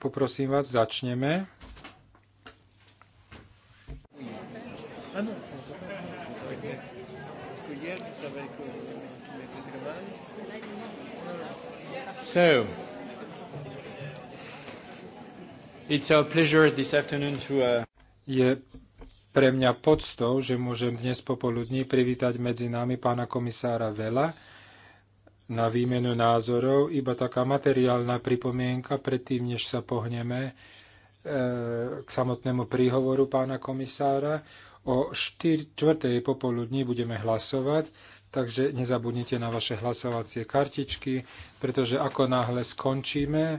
poprosím vás, začneme. So, it's pleasure this afternoon to, uh... Je pre mňa podstou, že môžem dnes popoludní privítať medzi nami pána komisára Vela, na výmenu názorov. Iba taká materiálna pripomienka predtým, než sa pohneme e, k samotnému príhovoru pána komisára. O 4. popoludní budeme hlasovať, takže nezabudnite na vaše hlasovacie kartičky, pretože ako náhle skončíme e,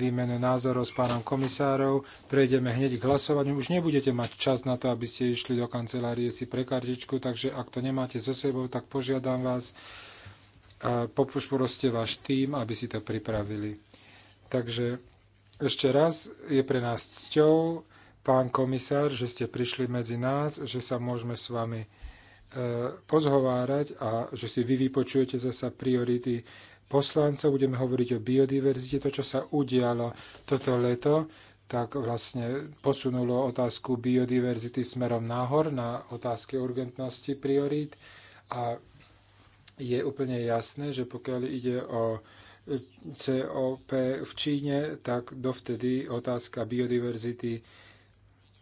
výmenu názorov s pánom komisárov, prejdeme hneď k hlasovaniu. Už nebudete mať čas na to, aby ste išli do kancelárie si pre kartičku, takže ak to nemáte so sebou, tak požiadam vás, poproste váš tým, aby si to pripravili. Takže ešte raz je pre nás cťou, pán komisár, že ste prišli medzi nás, že sa môžeme s vami e, pozhovárať a že si vy vypočujete zasa priority poslancov. Budeme hovoriť o biodiverzite. To, čo sa udialo toto leto, tak vlastne posunulo otázku biodiverzity smerom nahor na otázky urgentnosti priorít a je úplne jasné, že pokiaľ ide o e, COP v Číne, tak dovtedy otázka biodiverzity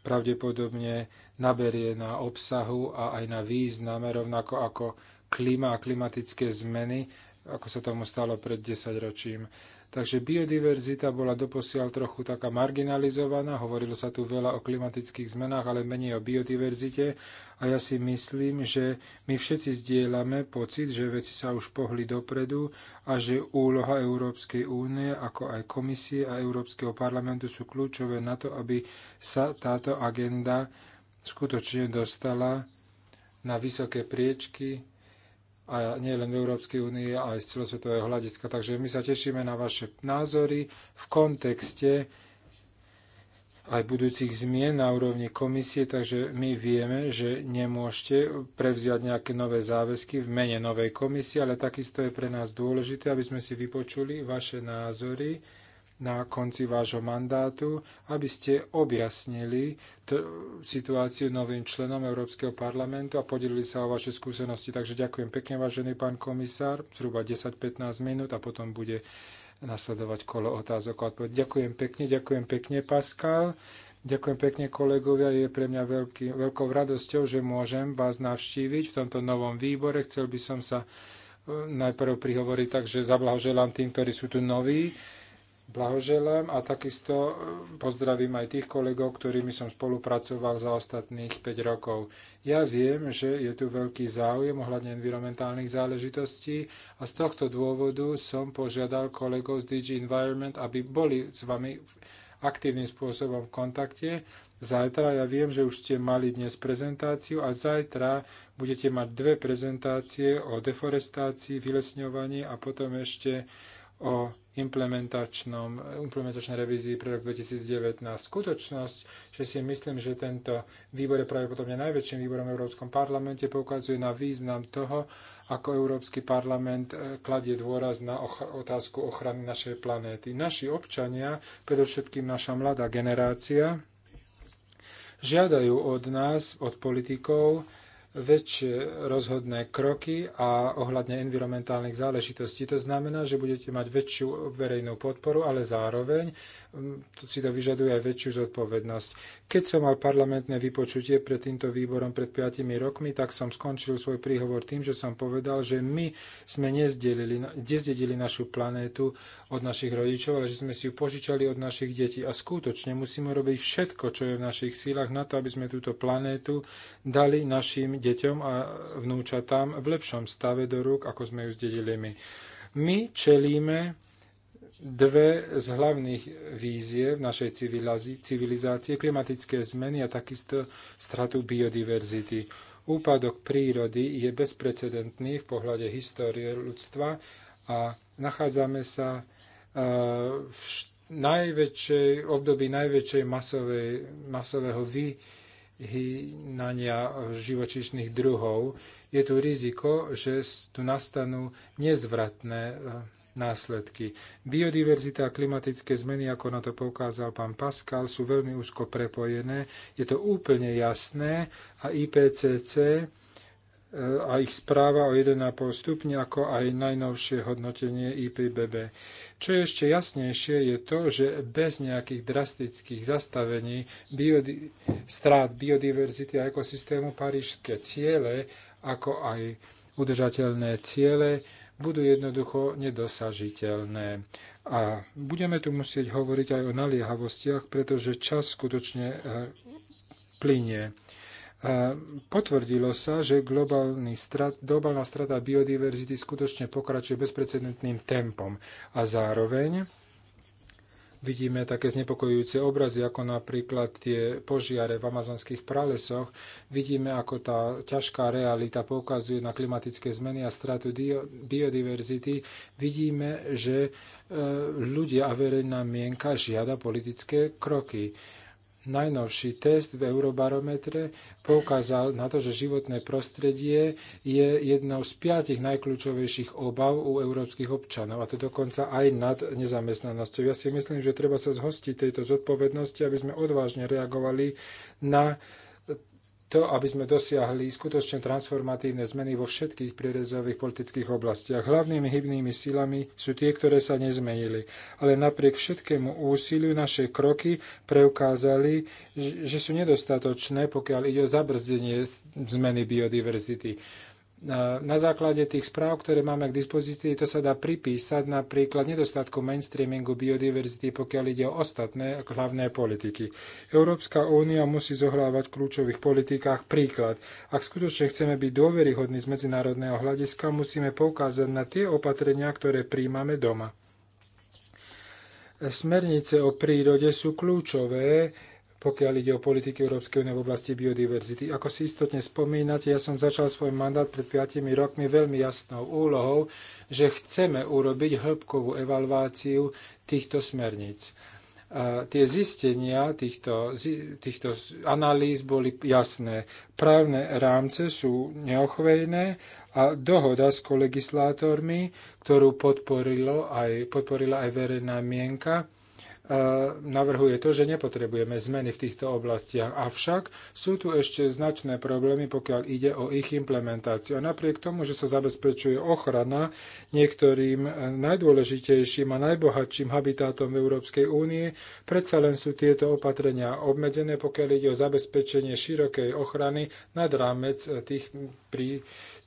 pravdepodobne naberie na obsahu a aj na význame, rovnako ako klíma a klimatické zmeny, ako sa tomu stalo pred 10 ročím. Takže biodiverzita bola doposiaľ trochu taká marginalizovaná, hovorilo sa tu veľa o klimatických zmenách, ale menej o biodiverzite a ja si myslím, že my všetci zdieľame pocit, že veci sa už pohli dopredu a že úloha Európskej únie, ako aj komisie a Európskeho parlamentu sú kľúčové na to, aby sa táto agenda skutočne dostala na vysoké priečky a nie len v Európskej únii, aj z celosvetového hľadiska. Takže my sa tešíme na vaše názory v kontexte aj budúcich zmien na úrovni komisie, takže my vieme, že nemôžete prevziať nejaké nové záväzky v mene novej komisie, ale takisto je pre nás dôležité, aby sme si vypočuli vaše názory na konci vášho mandátu, aby ste objasnili situáciu novým členom Európskeho parlamentu a podelili sa o vaše skúsenosti. Takže ďakujem pekne, vážený pán komisár, zhruba 10-15 minút a potom bude nasledovať kolo otázok a odpovedí. Ďakujem pekne, ďakujem pekne, Pascal. Ďakujem pekne kolegovia, je pre mňa veľký, veľkou radosťou, že môžem vás navštíviť v tomto novom výbore. Chcel by som sa eh, najprv prihovoriť, takže zablahoželám tým, ktorí sú tu noví blahoželám a takisto e, pozdravím aj tých kolegov, ktorými som spolupracoval za ostatných 5 rokov. Ja viem, že je tu veľký záujem ohľadne environmentálnych záležitostí a z tohto dôvodu som požiadal kolegov z DG Environment, aby boli s vami aktívnym spôsobom v kontakte. Zajtra ja viem, že už ste mali dnes prezentáciu a zajtra budete mať dve prezentácie o deforestácii, vylesňovaní a potom ešte o implementačnom, implementačnej revízii pre rok 2019. Skutočnosť, že si myslím, že tento výbor je pravdepodobne najväčším výborom v Európskom parlamente, poukazuje na význam toho, ako Európsky parlament e, kladie dôraz na och- otázku ochrany našej planéty. Naši občania, predovšetkým naša mladá generácia, žiadajú od nás, od politikov, väčšie rozhodné kroky a ohľadne environmentálnych záležitostí. To znamená, že budete mať väčšiu verejnú podporu, ale zároveň Hm, si to vyžaduje aj väčšiu zodpovednosť. Keď som mal parlamentné vypočutie pred týmto výborom pred 5 rokmi, tak som skončil svoj príhovor tým, že som povedal, že my sme nezdedili našu planétu od našich rodičov, ale že sme si ju požičali od našich detí. A skutočne musíme robiť všetko, čo je v našich sílach na to, aby sme túto planétu dali našim deťom a vnúčatám v lepšom stave do rúk, ako sme ju zdedili my. My čelíme dve z hlavných víziev našej civilizácie, klimatické zmeny a takisto stratu biodiverzity. Úpadok prírody je bezprecedentný v pohľade histórie ľudstva a nachádzame sa e, v najväčšej, období najväčšej masovej, masového vyhynania živočíšnych druhov. Je tu riziko, že tu nastanú nezvratné e, následky. Biodiverzita a klimatické zmeny, ako na to poukázal pán Pascal, sú veľmi úzko prepojené. Je to úplne jasné a IPCC e, a ich správa o 1,5 stupňa, ako aj najnovšie hodnotenie IPBB. Čo je ešte jasnejšie, je to, že bez nejakých drastických zastavení biodi- strát biodiverzity a ekosystému parížské ciele, ako aj udržateľné ciele, budú jednoducho nedosažiteľné. A budeme tu musieť hovoriť aj o naliehavostiach, pretože čas skutočne e, plinie. E, potvrdilo sa, že strat, globálna strata biodiverzity skutočne pokračuje bezprecedentným tempom a zároveň vidíme také znepokojujúce obrazy, ako napríklad tie požiare v amazonských pralesoch. Vidíme, ako tá ťažká realita poukazuje na klimatické zmeny a stratu biodiverzity. Vidíme, že e, ľudia a verejná mienka žiada politické kroky. Najnovší test v Eurobarometre poukázal na to, že životné prostredie je jednou z piatich najkľúčovejších obav u európskych občanov, a to dokonca aj nad nezamestnanosťou. Ja si myslím, že treba sa zhostiť tejto zodpovednosti, aby sme odvážne reagovali na to, aby sme dosiahli skutočne transformatívne zmeny vo všetkých prierezových politických oblastiach. Hlavnými hybnými silami sú tie, ktoré sa nezmenili. Ale napriek všetkému úsiliu naše kroky preukázali, že sú nedostatočné, pokiaľ ide o zabrzdenie zmeny biodiverzity na základe tých správ, ktoré máme k dispozícii, to sa dá pripísať napríklad nedostatku mainstreamingu biodiverzity, pokiaľ ide o ostatné hlavné politiky. Európska únia musí zohrávať v kľúčových politikách príklad. Ak skutočne chceme byť dôveryhodní z medzinárodného hľadiska, musíme poukázať na tie opatrenia, ktoré príjmame doma. Smernice o prírode sú kľúčové, pokiaľ ide o politiky Európskej únie v oblasti biodiverzity. Ako si istotne spomínate, ja som začal svoj mandát pred 5 rokmi veľmi jasnou úlohou, že chceme urobiť hĺbkovú evalváciu týchto smerníc. A tie zistenia týchto, týchto analýz boli jasné. Právne rámce sú neochvejné a dohoda s kolegislátormi, ktorú podporilo aj, podporila aj verejná mienka, navrhuje to, že nepotrebujeme zmeny v týchto oblastiach. Avšak sú tu ešte značné problémy, pokiaľ ide o ich implementáciu. A napriek tomu, že sa zabezpečuje ochrana niektorým najdôležitejším a najbohatším habitátom v Európskej únie, predsa len sú tieto opatrenia obmedzené, pokiaľ ide o zabezpečenie širokej ochrany nad rámec tých pri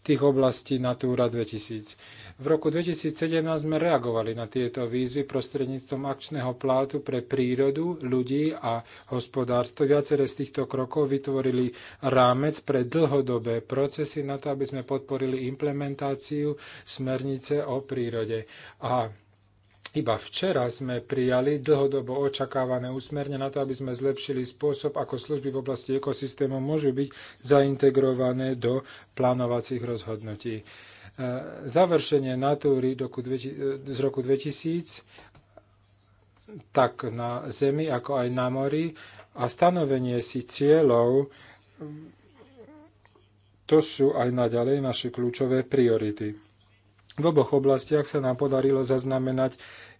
tých oblastí Natura 2000. V roku 2017 sme reagovali na tieto výzvy prostredníctvom akčného plátu pre prírodu, ľudí a hospodárstvo. Viacere z týchto krokov vytvorili rámec pre dlhodobé procesy na to, aby sme podporili implementáciu smernice o prírode. A iba včera sme prijali dlhodobo očakávané úsmerne na to, aby sme zlepšili spôsob, ako služby v oblasti ekosystémov môžu byť zaintegrované do plánovacích rozhodnutí. E, završenie Natúry e, z roku 2000 tak na zemi, ako aj na mori a stanovenie si cieľov to sú aj naďalej naše kľúčové priority. V oboch oblastiach sa nám podarilo zaznamenať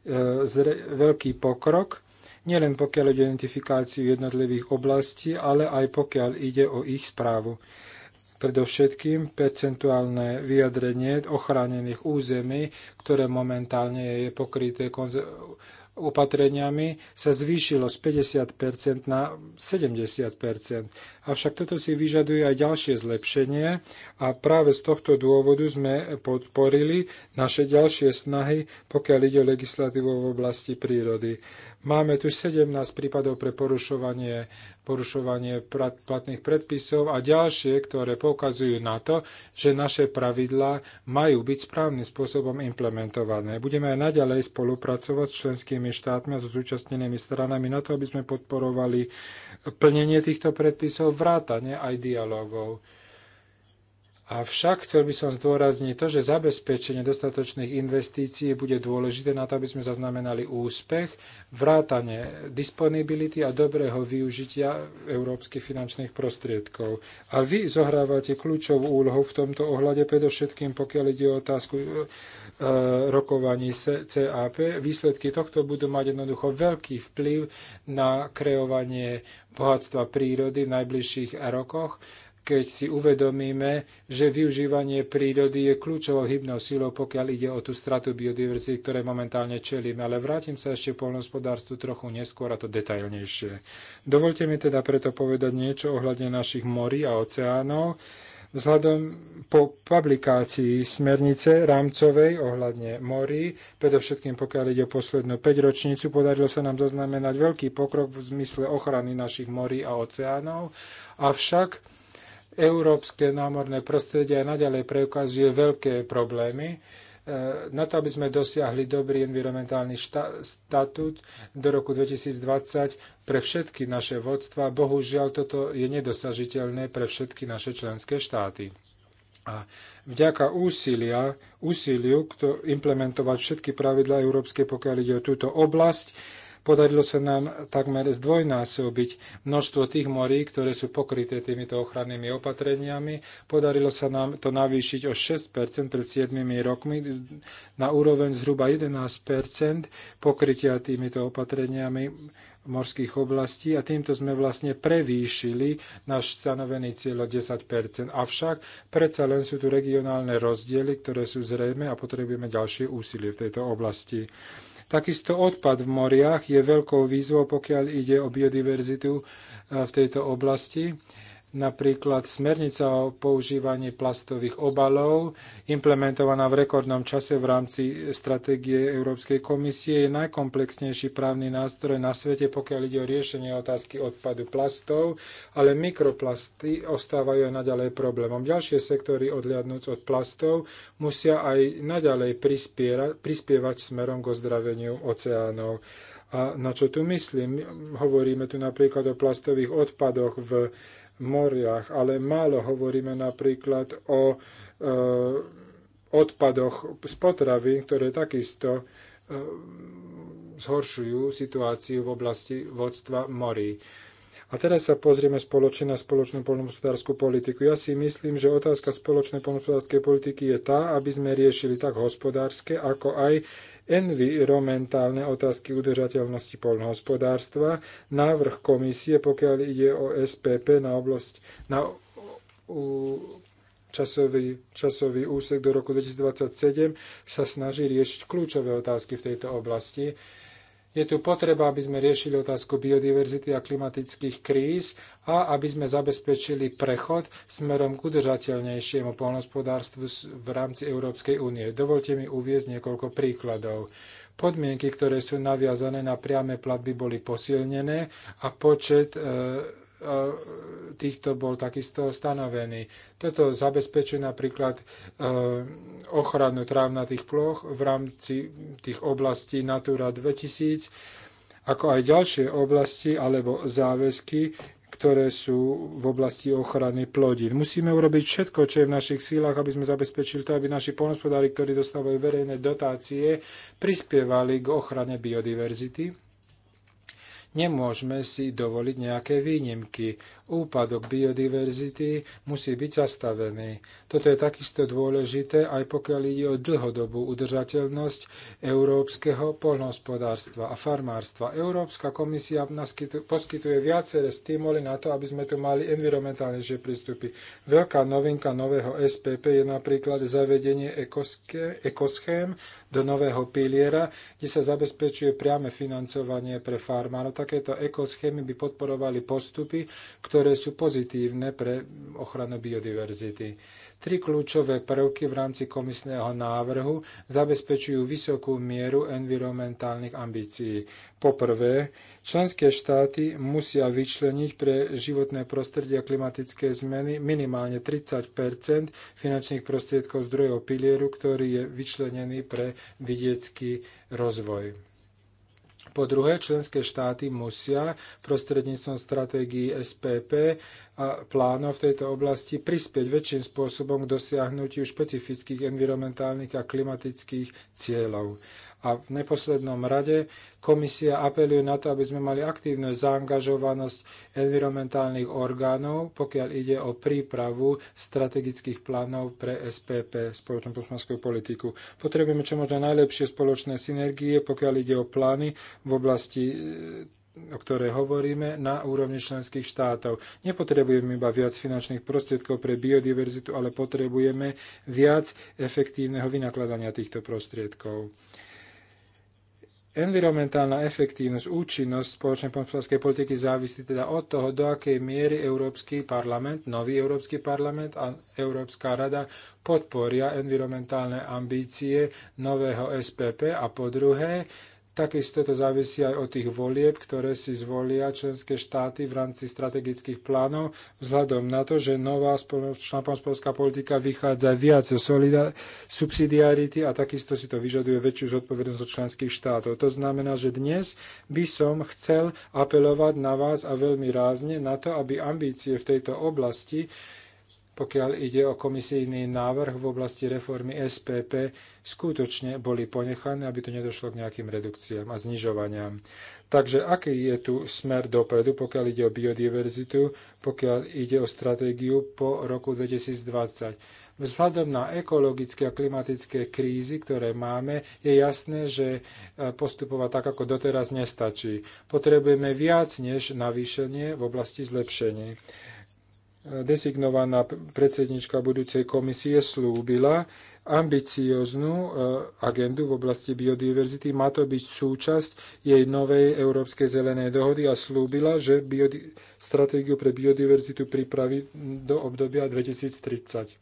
e, veľký pokrok, nielen pokiaľ ide o identifikáciu jednotlivých oblastí, ale aj pokiaľ ide o ich správu. Predovšetkým percentuálne vyjadrenie ochránených území, ktoré momentálne je pokryté opatreniami, sa zvýšilo z 50% na 70%. Avšak toto si vyžaduje aj ďalšie zlepšenie a práve z tohto dôvodu sme podporili naše ďalšie snahy, pokiaľ ide o legislatívu v oblasti prírody. Máme tu 17 prípadov pre porušovanie, porušovanie platných predpisov a ďalšie, ktoré poukazujú na to, že naše pravidlá majú byť správnym spôsobom implementované. Budeme aj naďalej spolupracovať s členskými štátmi a so zúčastnenými stranami na to, aby sme podporovali plnenie týchto predpisov, kontaktov vrátane aj dialogov. Avšak chcel by som zdôrazniť to, že zabezpečenie dostatočných investícií bude dôležité na to, aby sme zaznamenali úspech, vrátanie disponibility a dobrého využitia európskych finančných prostriedkov. A vy zohrávate kľúčovú úlohu v tomto ohľade, predovšetkým pokiaľ ide o otázku E, rokovaní CAP. Výsledky tohto budú mať jednoducho veľký vplyv na kreovanie bohatstva prírody v najbližších rokoch, keď si uvedomíme, že využívanie prírody je kľúčovou hybnou síľou, pokiaľ ide o tú stratu biodiverzity, ktoré momentálne čelíme. Ale vrátim sa ešte k poľnohospodárstvu trochu neskôr a to detailnejšie. Dovolte mi teda preto povedať niečo ohľadne našich morí a oceánov Vzhľadom po publikácii smernice rámcovej ohľadne morí, predovšetkým pokiaľ ide o poslednú 5 ročnicu, podarilo sa nám zaznamenať veľký pokrok v zmysle ochrany našich morí a oceánov, avšak európske námorné prostredie aj naďalej preukazuje veľké problémy E, na to, aby sme dosiahli dobrý environmentálny šta- statút do roku 2020 pre všetky naše vodstva. Bohužiaľ, toto je nedosažiteľné pre všetky naše členské štáty. A vďaka úsilia, úsiliu kto implementovať všetky pravidla európske, pokiaľ ide o túto oblasť, Podarilo sa nám takmer zdvojnásobiť množstvo tých morí, ktoré sú pokryté týmito ochrannými opatreniami. Podarilo sa nám to navýšiť o 6 pred 7 rokmi na úroveň zhruba 11 pokrytia týmito opatreniami morských oblastí a týmto sme vlastne prevýšili náš stanovený cieľ o 10 Avšak predsa len sú tu regionálne rozdiely, ktoré sú zrejme a potrebujeme ďalšie úsilie v tejto oblasti. Takisto odpad v moriach je veľkou výzvou, pokiaľ ide o biodiverzitu e, v tejto oblasti. Napríklad smernica o používaní plastových obalov, implementovaná v rekordnom čase v rámci stratégie Európskej komisie, je najkomplexnejší právny nástroj na svete, pokiaľ ide o riešenie otázky odpadu plastov, ale mikroplasty ostávajú aj naďalej problémom. Ďalšie sektory, odliadnúc od plastov, musia aj naďalej prispievať smerom k ozdraveniu oceánov. A na čo tu myslím? Hovoríme tu napríklad o plastových odpadoch v moriach, ale málo hovoríme napríklad o e, odpadoch z potravy, ktoré takisto e, zhoršujú situáciu v oblasti vodstva morí. A teraz sa pozrieme spoločne na spoločnú poľnohospodárskú politiku. Ja si myslím, že otázka spoločnej poľnohospodárskej politiky je tá, aby sme riešili tak hospodárske, ako aj environmentálne otázky udržateľnosti poľnohospodárstva, návrh komisie, pokiaľ ide o SPP na oblasť na u, časový, časový úsek do roku 2027, sa snaží riešiť kľúčové otázky v tejto oblasti je tu potreba, aby sme riešili otázku biodiverzity a klimatických kríz a aby sme zabezpečili prechod smerom k udržateľnejšiemu polnospodárstvu v rámci Európskej únie. Dovolte mi uviezť niekoľko príkladov. Podmienky, ktoré sú naviazané na priame platby, boli posilnené a počet e, E, týchto bol takisto stanovený. Toto zabezpečuje napríklad e, ochranu trávnatých ploch v rámci tých oblastí Natura 2000, ako aj ďalšie oblasti alebo záväzky, ktoré sú v oblasti ochrany plodín. Musíme urobiť všetko, čo je v našich sílach, aby sme zabezpečili to, aby naši polnospodári, ktorí dostávajú verejné dotácie, prispievali k ochrane biodiverzity Nemôžeme si dovoliť nejaké výnimky úpadok biodiverzity musí byť zastavený. Toto je takisto dôležité, aj pokiaľ ide o dlhodobú udržateľnosť európskeho polnohospodárstva a farmárstva. Európska komisia poskytuje viaceré stimuly na to, aby sme tu mali environmentálnejšie prístupy. Veľká novinka nového SPP je napríklad zavedenie ekoschém do nového piliera, kde sa zabezpečuje priame financovanie pre farmárov. Takéto ekoschémy by podporovali postupy, ktoré ktoré sú pozitívne pre ochranu biodiverzity. Tri kľúčové prvky v rámci komisného návrhu zabezpečujú vysokú mieru environmentálnych ambícií. Poprvé, členské štáty musia vyčleniť pre životné prostredie a klimatické zmeny minimálne 30 finančných prostriedkov zdrojov pilieru, ktorý je vyčlenený pre vidiecký rozvoj. Po druhé, členské štáty musia prostredníctvom stratégií SPP a plánov v tejto oblasti prispieť väčším spôsobom k dosiahnutiu špecifických environmentálnych a klimatických cieľov. A v neposlednom rade komisia apeluje na to, aby sme mali aktívnu zaangažovanosť environmentálnych orgánov, pokiaľ ide o prípravu strategických plánov pre SPP, spoločnú poslanskú politiku. Potrebujeme čo možno najlepšie spoločné synergie, pokiaľ ide o plány v oblasti o ktoré hovoríme, na úrovni členských štátov. Nepotrebujeme iba viac finančných prostriedkov pre biodiverzitu, ale potrebujeme viac efektívneho vynakladania týchto prostriedkov. Environmentálna efektívnosť, účinnosť spoločnej poľnohospodárskej politiky závisí teda od toho, do akej miery Európsky parlament, nový Európsky parlament a Európska rada podporia environmentálne ambície nového SPP a po druhé, Takisto to závisí aj od tých volieb, ktoré si zvolia členské štáty v rámci strategických plánov, vzhľadom na to, že nová spoločná polská politika vychádza viac zo subsidiarity a takisto si to vyžaduje väčšiu zodpovednosť od členských štátov. To znamená, že dnes by som chcel apelovať na vás a veľmi rázne na to, aby ambície v tejto oblasti pokiaľ ide o komisijný návrh v oblasti reformy SPP, skutočne boli ponechané, aby tu nedošlo k nejakým redukciám a znižovaniam. Takže aký je tu smer dopredu, pokiaľ ide o biodiverzitu, pokiaľ ide o stratégiu po roku 2020? Vzhľadom na ekologické a klimatické krízy, ktoré máme, je jasné, že e, postupovať tak, ako doteraz, nestačí. Potrebujeme viac než navýšenie v oblasti zlepšenia dezignovaná predsednička budúcej komisie slúbila ambicióznu e, agendu v oblasti biodiverzity. Má to byť súčasť jej novej Európskej zelenej dohody a slúbila, že biodi- stratégiu pre biodiverzitu pripraví do obdobia 2030.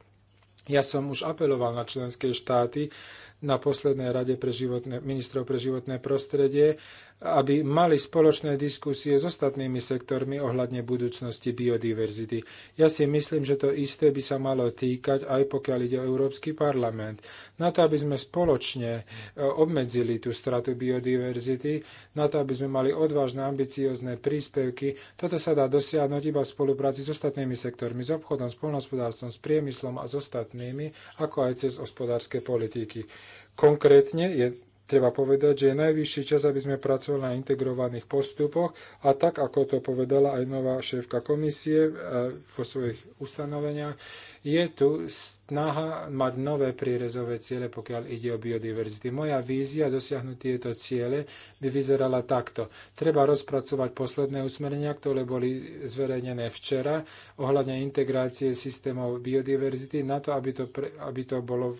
Ja som už apeloval na členské štáty na poslednej rade pre životné, ministrov pre životné prostredie, aby mali spoločné diskusie s ostatnými sektormi ohľadne budúcnosti biodiverzity. Ja si myslím, že to isté by sa malo týkať aj pokiaľ ide o Európsky parlament. Na to, aby sme spoločne e, obmedzili tú stratu biodiverzity, na to, aby sme mali odvážne, ambiciozne príspevky, toto sa dá dosiahnuť iba v spolupráci s ostatnými sektormi, s obchodom, s polnospodárstvom, s priemyslom a s ostatnými, ako aj cez hospodárske politiky. Konkrétne je treba povedať, že je najvyšší čas, aby sme pracovali na integrovaných postupoch a tak, ako to povedala aj nová šéfka komisie e, vo svojich ustanoveniach, je tu snaha mať nové prírezové ciele, pokiaľ ide o biodiverzity. Moja vízia dosiahnuť tieto ciele by vyzerala takto. Treba rozpracovať posledné usmerenia, ktoré boli zverejnené včera ohľadne integrácie systémov biodiverzity na to, aby to, pre, aby to bolo v,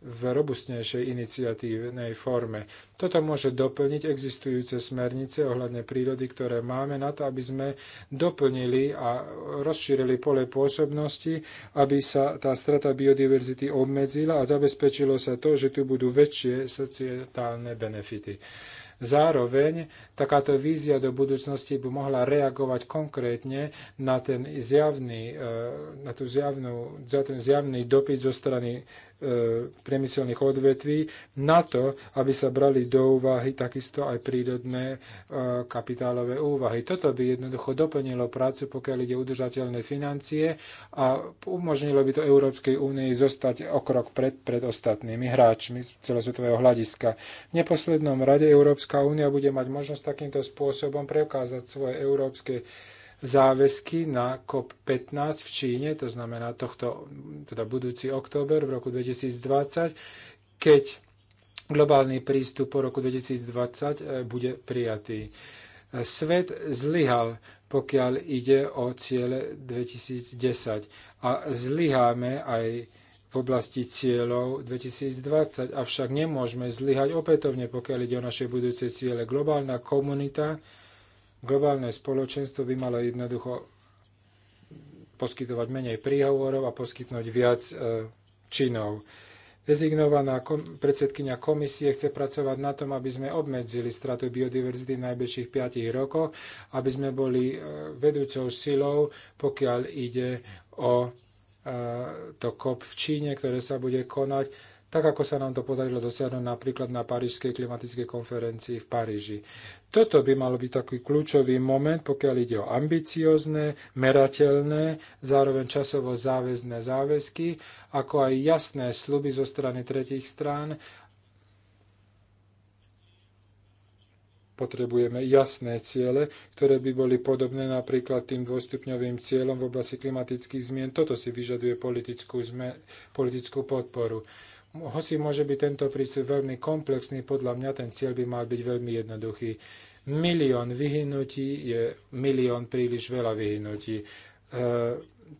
v robustnejšej iniciatívnej forme. Toto môže doplniť existujúce smernice ohľadne prírody, ktoré máme na to, aby sme doplnili a rozšírili pole pôsobnosti, aby sa tá strata biodiverzity obmedzila a zabezpečilo sa to, že tu budú väčšie societálne benefity. Zároveň takáto vízia do budúcnosti by mohla reagovať konkrétne na ten zjavný, e, na tú zjavnú, ten zjavný dopyt zo strany E, priemyselných odvetví na to, aby sa brali do úvahy takisto aj prírodné e, kapitálové úvahy. Toto by jednoducho doplnilo prácu, pokiaľ ide udržateľné financie a umožnilo by to Európskej únii zostať o krok pred, pred ostatnými hráčmi z celosvetového hľadiska. V neposlednom rade Európska únia bude mať možnosť takýmto spôsobom preukázať svoje európske záväzky na COP15 v Číne, to znamená tohto, teda budúci október v roku 2020, keď globálny prístup po roku 2020 e, bude prijatý. E, svet zlyhal, pokiaľ ide o ciele 2010 a zlyháme aj v oblasti cieľov 2020, avšak nemôžeme zlyhať opätovne, pokiaľ ide o naše budúce ciele. Globálna komunita Globálne spoločenstvo by malo jednoducho poskytovať menej príhovorov a poskytnúť viac e, činov. Dezignovaná kom- predsedkynia komisie chce pracovať na tom, aby sme obmedzili stratu biodiverzity v najbližších 5 rokoch, aby sme boli e, vedúcou silou, pokiaľ ide o e, to COP v Číne, ktoré sa bude konať, tak ako sa nám to podarilo dosiahnuť napríklad na Parížskej klimatickej konferencii v Paríži. Toto by mal byť taký kľúčový moment, pokiaľ ide o ambiciozne, merateľné, zároveň časovo záväzné záväzky, ako aj jasné sluby zo strany tretich strán. Potrebujeme jasné ciele, ktoré by boli podobné napríklad tým dvojstupňovým cieľom v oblasti klimatických zmien. Toto si vyžaduje politickú, zme, politickú podporu hoci môže byť tento prístup veľmi komplexný, podľa mňa ten cieľ by mal byť veľmi jednoduchý. Milión vyhynutí je milión príliš veľa vyhynutí. E,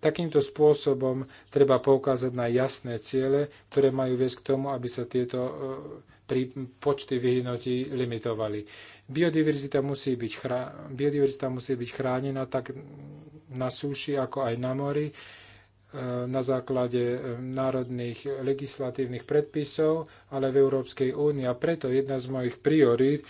takýmto spôsobom treba poukázať na jasné ciele, ktoré majú viesť k tomu, aby sa tieto e, pri, počty vyhnutí limitovali. Biodiverzita musí, byť chra, biodiverzita musí byť chránená tak na súši, ako aj na mori. E, E, na základe e, národných legislatívnych predpisov, ale v Európskej únii. A preto jedna z mojich priorít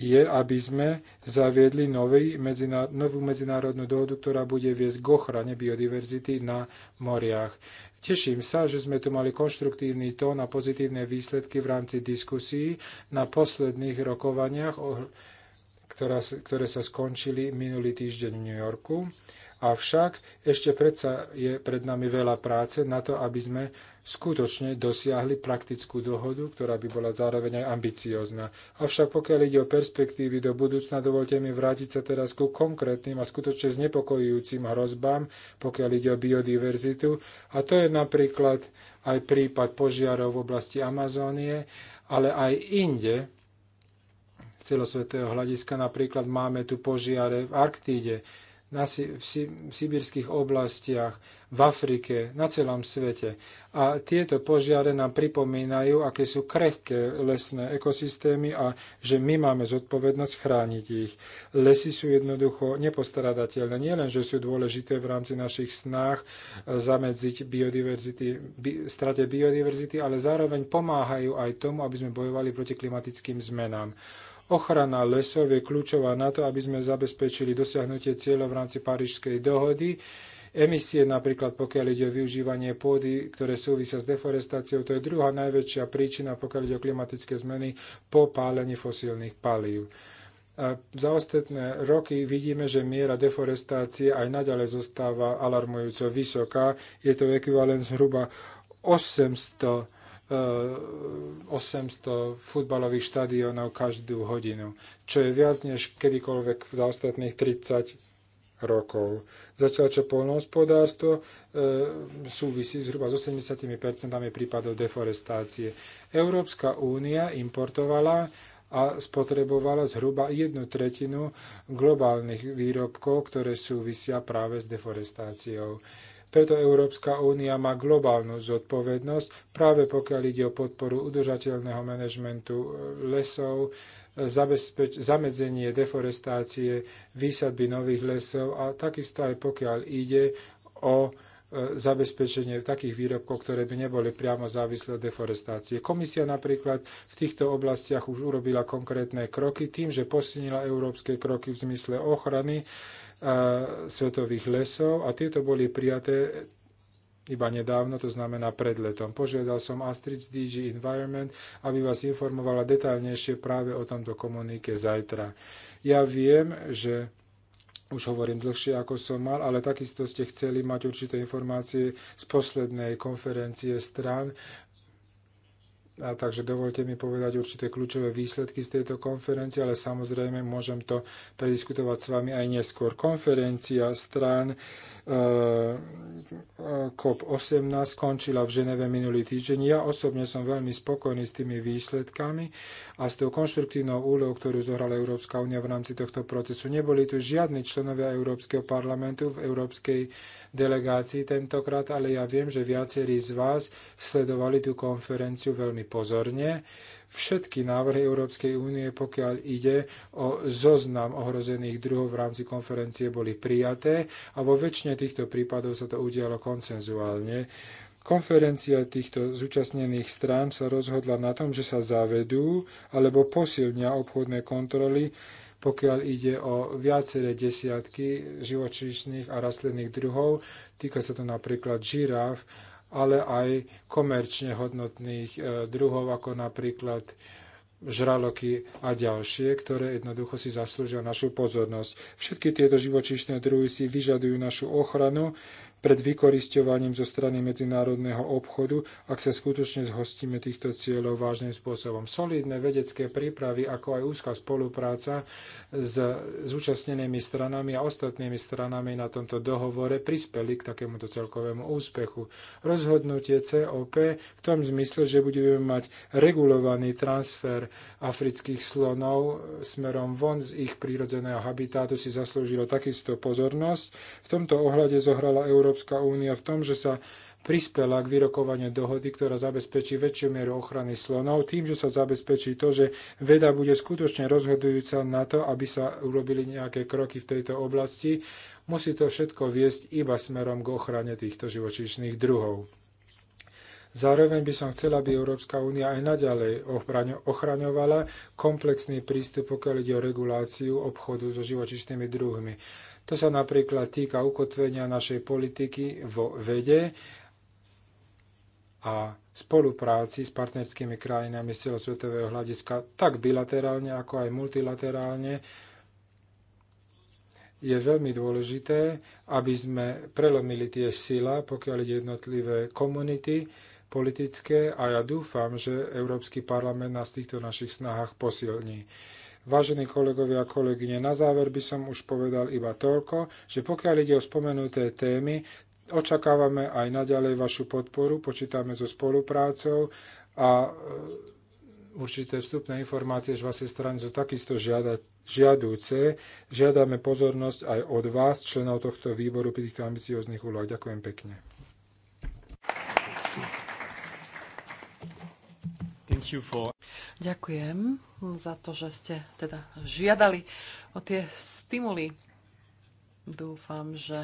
je, aby sme zaviedli nový, medziná, novú medzinárodnú dohodu, ktorá bude viesť k ochrane biodiverzity na moriach. Teším sa, že sme tu mali konštruktívny tón a pozitívne výsledky v rámci diskusí na posledných rokovaniach, ktoré sa skončili minulý týždeň v New Yorku. Avšak ešte predsa je pred nami veľa práce na to, aby sme skutočne dosiahli praktickú dohodu, ktorá by bola zároveň aj ambiciózna. Avšak pokiaľ ide o perspektívy do budúcna, dovolte mi vrátiť sa teraz ku konkrétnym a skutočne znepokojujúcim hrozbám, pokiaľ ide o biodiverzitu. A to je napríklad aj prípad požiarov v oblasti Amazónie, ale aj inde, z celosvetého hľadiska napríklad máme tu požiare v Arktíde, na, v, si, v sibírskych oblastiach, v Afrike, na celom svete. A tieto požiare nám pripomínajú, aké sú krehké lesné ekosystémy a že my máme zodpovednosť chrániť ich. Lesy sú jednoducho nepostradateľné. Nie len, že sú dôležité v rámci našich snách e, zamedziť biodiverzity, bi, strate biodiverzity, ale zároveň pomáhajú aj tomu, aby sme bojovali proti klimatickým zmenám. Ochrana lesov je kľúčová na to, aby sme zabezpečili dosiahnutie cieľov v rámci Parížskej dohody. Emisie napríklad, pokiaľ ide o využívanie pôdy, ktoré súvisia s deforestáciou, to je druhá najväčšia príčina, pokiaľ ide o klimatické zmeny po pálení fosílnych palív. A za ostatné roky vidíme, že miera deforestácie aj naďalej zostáva alarmujúco vysoká. Je to ekvivalent zhruba 800 800 futbalových štadiónov každú hodinu, čo je viac než kedykoľvek za ostatných 30 rokov. Zatiaľ čo polnohospodárstvo e, súvisí zhruba s 80% prípadov deforestácie. Európska únia importovala a spotrebovala zhruba jednu tretinu globálnych výrobkov, ktoré súvisia práve s deforestáciou. Preto Európska únia má globálnu zodpovednosť, práve pokiaľ ide o podporu udržateľného manažmentu e, lesov, e, zabezpeč- zamedzenie deforestácie, výsadby nových lesov a takisto aj pokiaľ ide o e, zabezpečenie takých výrobkov, ktoré by neboli priamo závislé od deforestácie. Komisia napríklad v týchto oblastiach už urobila konkrétne kroky tým, že posilnila európske kroky v zmysle ochrany svetových lesov a tieto boli prijaté iba nedávno, to znamená pred letom. Požiadal som Astrid z DG Environment, aby vás informovala detaľnejšie práve o tomto komunike zajtra. Ja viem, že už hovorím dlhšie, ako som mal, ale takisto ste chceli mať určité informácie z poslednej konferencie strán a takže dovolte mi povedať určité kľúčové výsledky z tejto konferencie, ale samozrejme môžem to prediskutovať s vami aj neskôr. Konferencia strán COP18 e, e, skončila v Ženeve minulý týždeň. Ja osobne som veľmi spokojný s tými výsledkami a s tou konštruktívnou úlohou, ktorú zohrala Európska únia v rámci tohto procesu. Neboli tu žiadni členovia Európskeho parlamentu v európskej delegácii tentokrát, ale ja viem, že viacerí z vás sledovali tú konferenciu veľmi pozorne všetky návrhy Európskej únie, pokiaľ ide o zoznam ohrozených druhov v rámci konferencie, boli prijaté a vo väčšine týchto prípadov sa to udialo konsenzuálne. Konferencia týchto zúčastnených strán sa rozhodla na tom, že sa zavedú alebo posilnia obchodné kontroly, pokiaľ ide o viaceré desiatky živočíšnych a rastlinných druhov. Týka sa to napríklad žiráv ale aj komerčne hodnotných e, druhov, ako napríklad žraloky a ďalšie, ktoré jednoducho si zaslúžia našu pozornosť. Všetky tieto živočíšne druhy si vyžadujú našu ochranu pred vykoristovaním zo strany medzinárodného obchodu, ak sa skutočne zhostíme týchto cieľov vážnym spôsobom. Solidné vedecké prípravy, ako aj úzka spolupráca s zúčastnenými stranami a ostatnými stranami na tomto dohovore prispeli k takémuto celkovému úspechu. Rozhodnutie COP v tom zmysle, že budeme mať regulovaný transfer afrických slonov smerom von z ich prírodzeného habitátu si zaslúžilo takisto pozornosť. V tomto ohľade zohrala Európa Európska únia v tom, že sa prispela k vyrokovaniu dohody, ktorá zabezpečí väčšiu mieru ochrany slonov, tým, že sa zabezpečí to, že veda bude skutočne rozhodujúca na to, aby sa urobili nejaké kroky v tejto oblasti. Musí to všetko viesť iba smerom k ochrane týchto živočíšnych druhov. Zároveň by som chcela, aby Európska únia aj naďalej ochraňovala komplexný prístup, pokiaľ ide o reguláciu obchodu so živočíšnymi druhmi. To sa napríklad týka ukotvenia našej politiky vo vede a spolupráci s partnerskými krajinami z celosvetového hľadiska, tak bilaterálne ako aj multilaterálne, je veľmi dôležité, aby sme prelomili tie sila, pokiaľ ide jednotlivé komunity politické a ja dúfam, že Európsky parlament nás v týchto našich snahách posilní. Vážení kolegovia a kolegyne, na záver by som už povedal iba toľko, že pokiaľ ide o spomenuté témy, očakávame aj naďalej vašu podporu, počítame so spoluprácou a e, určité vstupné informácie z vašej strany sú takisto žiadať, žiadúce. Žiadame pozornosť aj od vás, členov tohto výboru pri týchto ambicióznych úlohách. Ďakujem pekne. for... Ďakujem za to, že ste teda žiadali o tie stimuly. Dúfam, že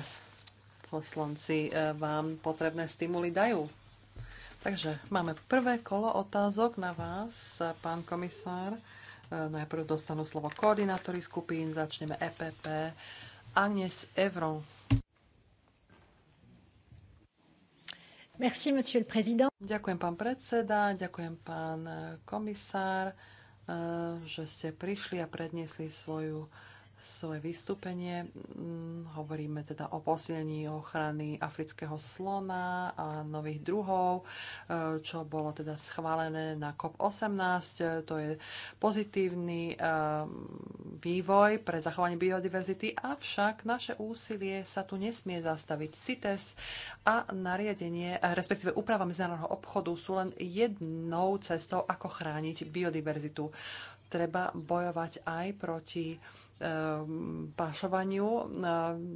poslanci e, vám potrebné stimuly dajú. Takže máme prvé kolo otázok na vás, pán komisár. E, najprv dostanú slovo koordinátory skupín, začneme EPP. Agnes Evron. Merci, monsieur le président. Ďakujem, pán predseda, ďakujem, pán eh, komisár, eh, že ste prišli a predniesli svoju svoje vystúpenie. Mm, hovoríme teda o posilení ochrany afrického slona a nových druhov, e, čo bolo teda schválené na COP18. To je pozitívny e, vývoj pre zachovanie biodiverzity, avšak naše úsilie sa tu nesmie zastaviť. CITES a nariadenie, e, respektíve úprava medzinárodného obchodu sú len jednou cestou, ako chrániť biodiverzitu treba bojovať aj proti ehm, pašovaniu ehm,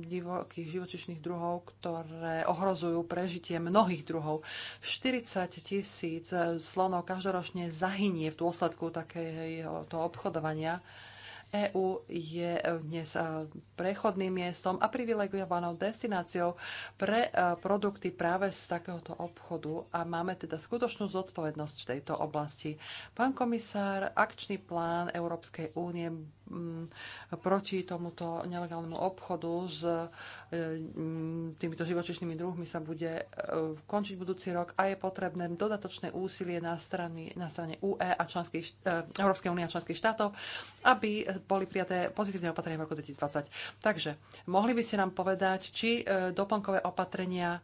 divokých živočišných druhov, ktoré ohrozujú prežitie mnohých druhov. 40 tisíc slonov každoročne zahynie v dôsledku takého obchodovania. EÚ je e, dnes e, prechodným miestom a privilegiovanou destináciou pre e, produkty práve z takéhoto obchodu a máme teda skutočnú zodpovednosť v tejto oblasti. Pán komisár, akčný plán Európskej únie mm, proti tomuto nelegálnemu obchodu s mm, týmito živočišnými druhmi sa bude končiť budúci rok a je potrebné dodatočné úsilie na, strany, na strane UE a Európskej únie a členských štátov, aby boli prijaté pozitívne opatrenia v roku 2020. Takže mohli by ste nám povedať, či e, doplnkové opatrenia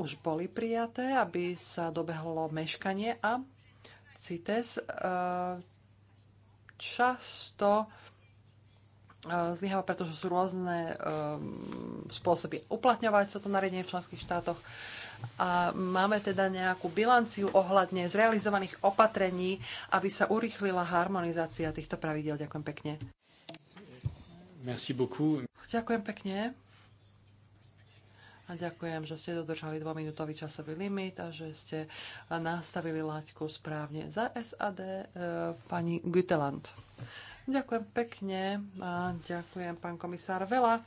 už boli prijaté, aby sa dobehlo meškanie a CITES e, často e, zlyháva, pretože sú rôzne spôsoby uplatňovať toto nariadenie v členských štátoch a máme teda nejakú bilanciu ohľadne zrealizovaných opatrení, aby sa urýchlila harmonizácia týchto pravidel. Ďakujem pekne. Merci beaucoup. Ďakujem pekne. A ďakujem, že ste dodržali dvominútový časový limit a že ste nastavili laťku správne za SAD e, pani Güteland. Ďakujem pekne a ďakujem pán komisár Vela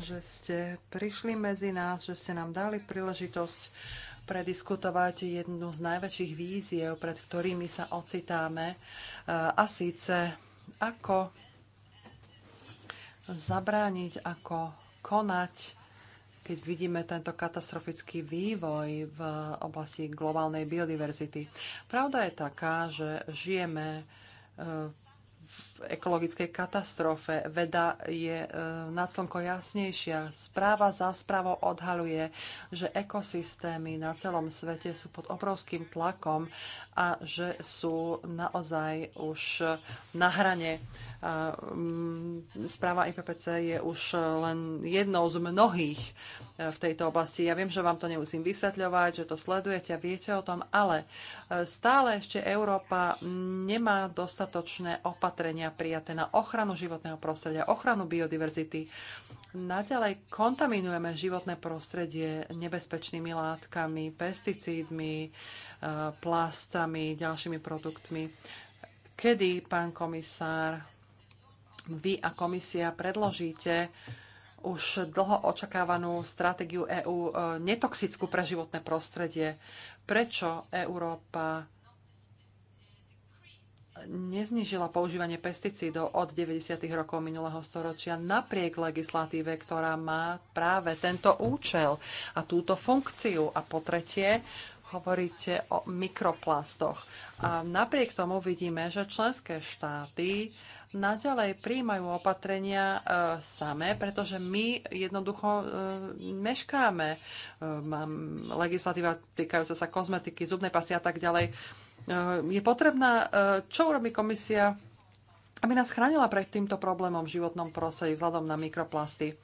že ste prišli medzi nás, že ste nám dali príležitosť prediskutovať jednu z najväčších víziev, pred ktorými sa ocitáme, e, a síce ako zabrániť, ako konať, keď vidíme tento katastrofický vývoj v oblasti globálnej biodiverzity. Pravda je taká, že žijeme v e, ekologickej katastrofe. Veda je e, nad slnko jasnejšia. Správa za správou odhaluje, že ekosystémy na celom svete sú pod obrovským tlakom a že sú naozaj už na hrane Mm, správa IPPC je už len jednou z mnohých e, v tejto oblasti. Ja viem, že vám to nemusím vysvetľovať, že to sledujete a viete o tom, ale e, stále ešte Európa nemá dostatočné opatrenia prijaté na ochranu životného prostredia, ochranu biodiverzity. Naďalej kontaminujeme životné prostredie nebezpečnými látkami, pesticídmi, e, plastami, ďalšími produktmi. Kedy, pán komisár, vy a komisia predložíte už dlho očakávanú stratégiu EÚ e, netoxickú pre životné prostredie. Prečo Európa neznižila používanie pesticídov od 90. rokov minulého storočia napriek legislatíve, ktorá má práve tento účel a túto funkciu. A po tretie, hovoríte o mikroplastoch. A napriek tomu vidíme, že členské štáty naďalej príjmajú opatrenia e, samé, pretože my jednoducho e, meškáme. E, mám legislatíva týkajúca sa kozmetiky, zubnej pasy a tak ďalej. E, je potrebná, e, čo urobí komisia, aby nás chránila pred týmto problémom v životnom prostredí vzhľadom na mikroplasty. E,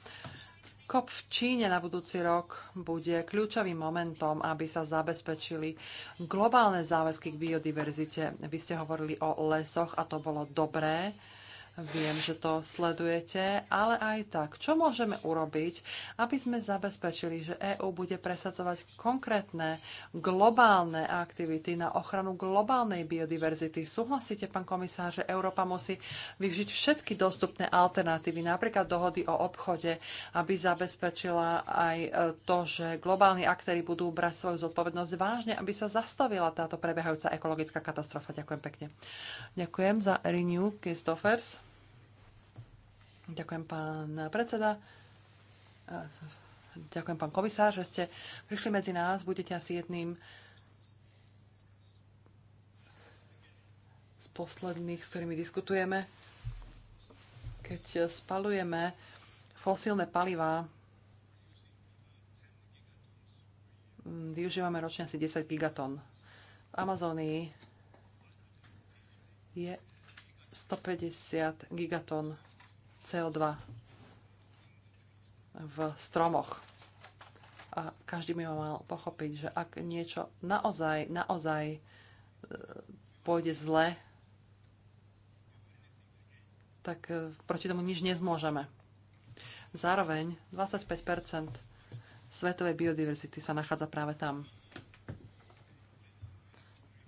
COP v Číne na budúci rok bude kľúčovým momentom, aby sa zabezpečili globálne záväzky k biodiverzite. Vy ste hovorili o lesoch a to bolo dobré. Viem, že to sledujete, ale aj tak, čo môžeme urobiť, aby sme zabezpečili, že EÚ bude presadzovať konkrétne globálne aktivity na ochranu globálnej biodiverzity. Súhlasíte, pán komisár, že Európa musí vyžiť všetky dostupné alternatívy, napríklad dohody o obchode, aby zabezpečila aj e, to, že globálni aktéry budú brať svoju zodpovednosť vážne, aby sa zastavila táto prebiehajúca ekologická katastrofa. Ďakujem pekne. Ďakujem za Renew Christophers. Ďakujem, pán predseda. Ďakujem, pán komisár, že ste prišli medzi nás. Budete asi jedným z posledných, s ktorými diskutujeme. Keď spalujeme fosílne palivá, využívame ročne asi 10 gigatón. V Amazónii je 150 gigatón CO2 v stromoch. A každý by mal pochopiť, že ak niečo naozaj, naozaj e, pôjde zle, tak e, proti tomu nič nezmôžeme. Zároveň 25 svetovej biodiverzity sa nachádza práve tam.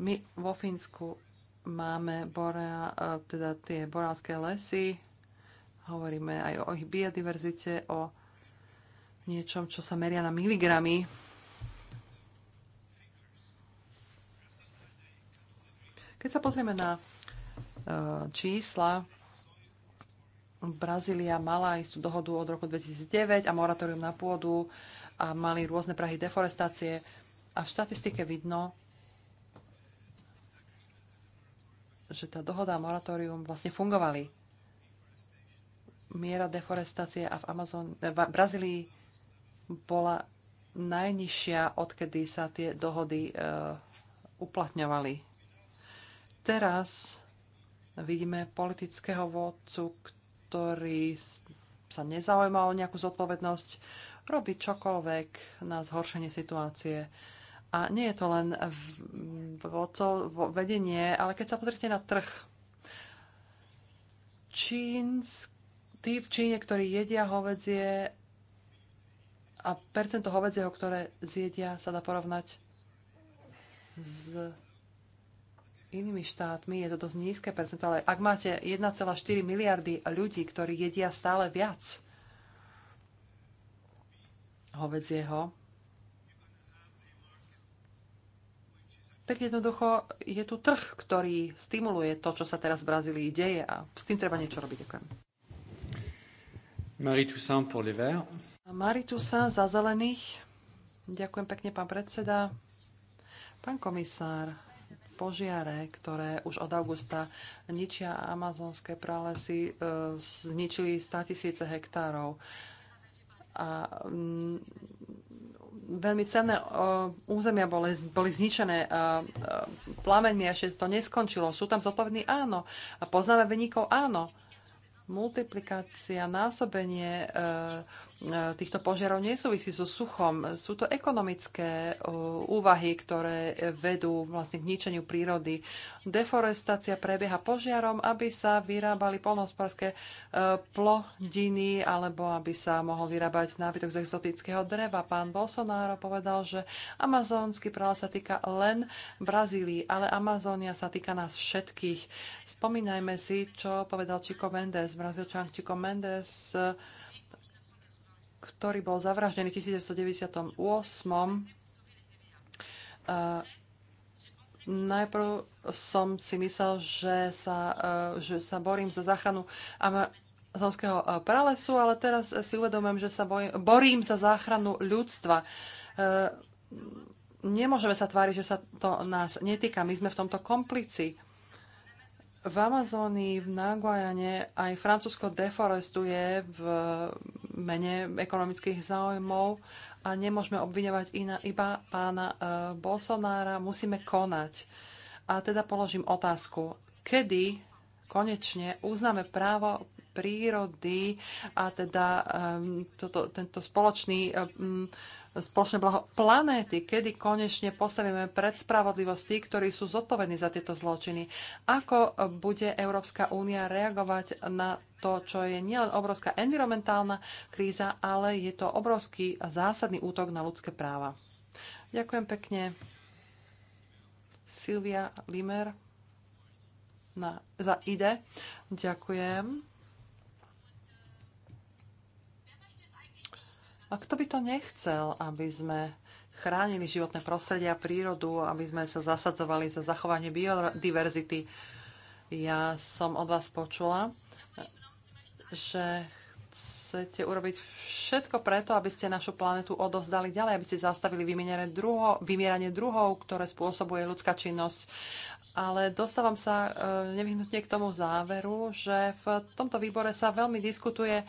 My vo Fínsku máme borea, e, teda tie borálske lesy, Hovoríme aj o ich biodiverzite, o niečom, čo sa meria na miligramy. Keď sa pozrieme na e, čísla, Brazília mala istú dohodu od roku 2009 a moratórium na pôdu a mali rôzne prahy deforestácie. A v štatistike vidno, že tá dohoda a moratórium vlastne fungovali miera deforestácie a v, Amazon, eh, v Brazílii bola najnižšia, odkedy sa tie dohody e, uplatňovali. Teraz vidíme politického vodcu, ktorý sa nezaujíma o nejakú zodpovednosť, robí čokoľvek na zhoršenie situácie. A nie je to len vodcov, vedenie, ale keď sa pozrite na trh, čínsk tí v Číne, ktorí jedia hovedzie a percento hovedzieho, ktoré zjedia, sa dá porovnať s inými štátmi. Je to dosť nízke percento, ale ak máte 1,4 miliardy ľudí, ktorí jedia stále viac hovedzieho, tak jednoducho je tu trh, ktorý stimuluje to, čo sa teraz v Brazílii deje a s tým treba niečo robiť. Ďakujem. Marie Toussaint pour les Verts. Marie Toussaint za zelených. Ďakujem pekne, pán predseda. Pán komisár, požiare, ktoré už od augusta ničia amazonské pralesy, e, zničili 100 tisíce hektárov. A mm, veľmi cenné e, územia boli, boli zničené e, e plameňmi, ešte to neskončilo. Sú tam zodpovední? Áno. A poznáme vynikov? Áno multiplikácia, násobenie eh, E, týchto požiarov nesúvisí so suchom. Sú to ekonomické e, úvahy, ktoré vedú vlastne k ničeniu prírody. Deforestácia prebieha požiarom, aby sa vyrábali polnohospodárske e, plodiny alebo aby sa mohol vyrábať nábytok z exotického dreva. Pán Bolsonaro povedal, že amazonský prelad sa týka len Brazílii, ale Amazónia sa týka nás všetkých. Spomínajme si, čo povedal Chico Mendes, brazilčan Chico Mendes, ktorý bol zavraždený v 1998. Uh, eh, najprv som si myslel, že sa, uh, že sa borím za záchranu amazonského eh, pralesu, ale teraz si uvedomujem, že sa bojím, borím za záchranu ľudstva. Uh, nemôžeme sa tváriť, že sa to nás netýka. My sme v tomto komplici v Amazónii, v Naguajane aj Francúzsko deforestuje v mene ekonomických záujmov a nemôžeme obviňovať iná, iba pána e, Bolsonára, musíme konať. A teda položím otázku, kedy konečne uznáme právo prírody a teda um, toto, tento spoločný um, spoločné blaho planéty, kedy konečne postavíme pred spravodlivosť tí, ktorí sú zodpovední za tieto zločiny. Ako bude Európska únia reagovať na to, čo je nielen obrovská environmentálna kríza, ale je to obrovský zásadný útok na ľudské práva. Ďakujem pekne. Silvia Limer na, za ide. Ďakujem. A kto by to nechcel, aby sme chránili životné prostredie a prírodu, aby sme sa zasadzovali za zachovanie biodiverzity. Ja som od vás počula, že chcete urobiť všetko preto, aby ste našu planetu odovzdali ďalej, aby ste zastavili druho, vymieranie druhov, ktoré spôsobuje ľudská činnosť ale dostávam sa e, nevyhnutne k tomu záveru, že v tomto výbore sa veľmi diskutuje e,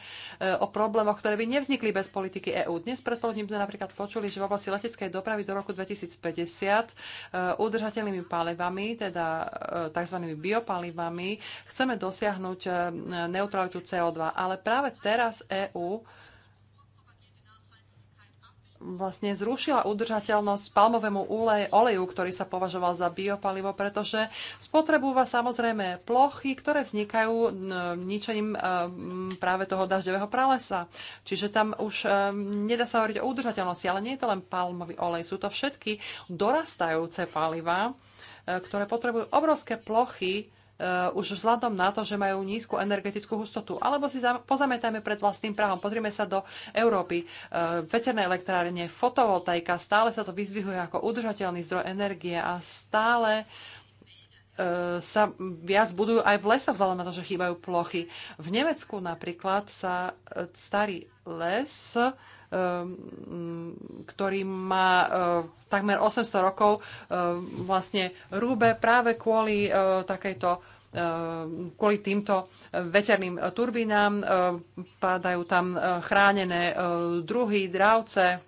o problémoch, ktoré by nevznikli bez politiky EÚ. Dnes predpoludním sme napríklad počuli, že v oblasti leteckej dopravy do roku 2050 e, udržateľnými palivami, teda tzv. biopalivami, chceme dosiahnuť neutralitu CO2. Ale práve teraz EÚ vlastne zrušila udržateľnosť palmovému oleju, ktorý sa považoval za biopalivo, pretože spotrebúva samozrejme plochy, ktoré vznikajú ničením e, práve toho dažďového pralesa. Čiže tam už e, nedá sa hovoriť o udržateľnosti, ale nie je to len palmový olej, sú to všetky dorastajúce paliva, e, ktoré potrebujú obrovské plochy Eh, už vzhľadom na to, že majú nízku energetickú hustotu. Alebo si pozametajme pred vlastným prahom. Pozrieme sa do Európy. Eh, veterné elektrárne, fotovoltaika, stále sa to vyzdvihuje ako udržateľný zdroj energie a stále eh, sa viac budujú aj v lesoch, vzhľadom na to, že chýbajú plochy. V Nemecku napríklad sa starý les Um, ktorý má uh, takmer 800 rokov, uh, vlastne rúbe práve kvôli uh, takejto kvôli týmto veterným turbínám. Padajú tam chránené druhy, dravce.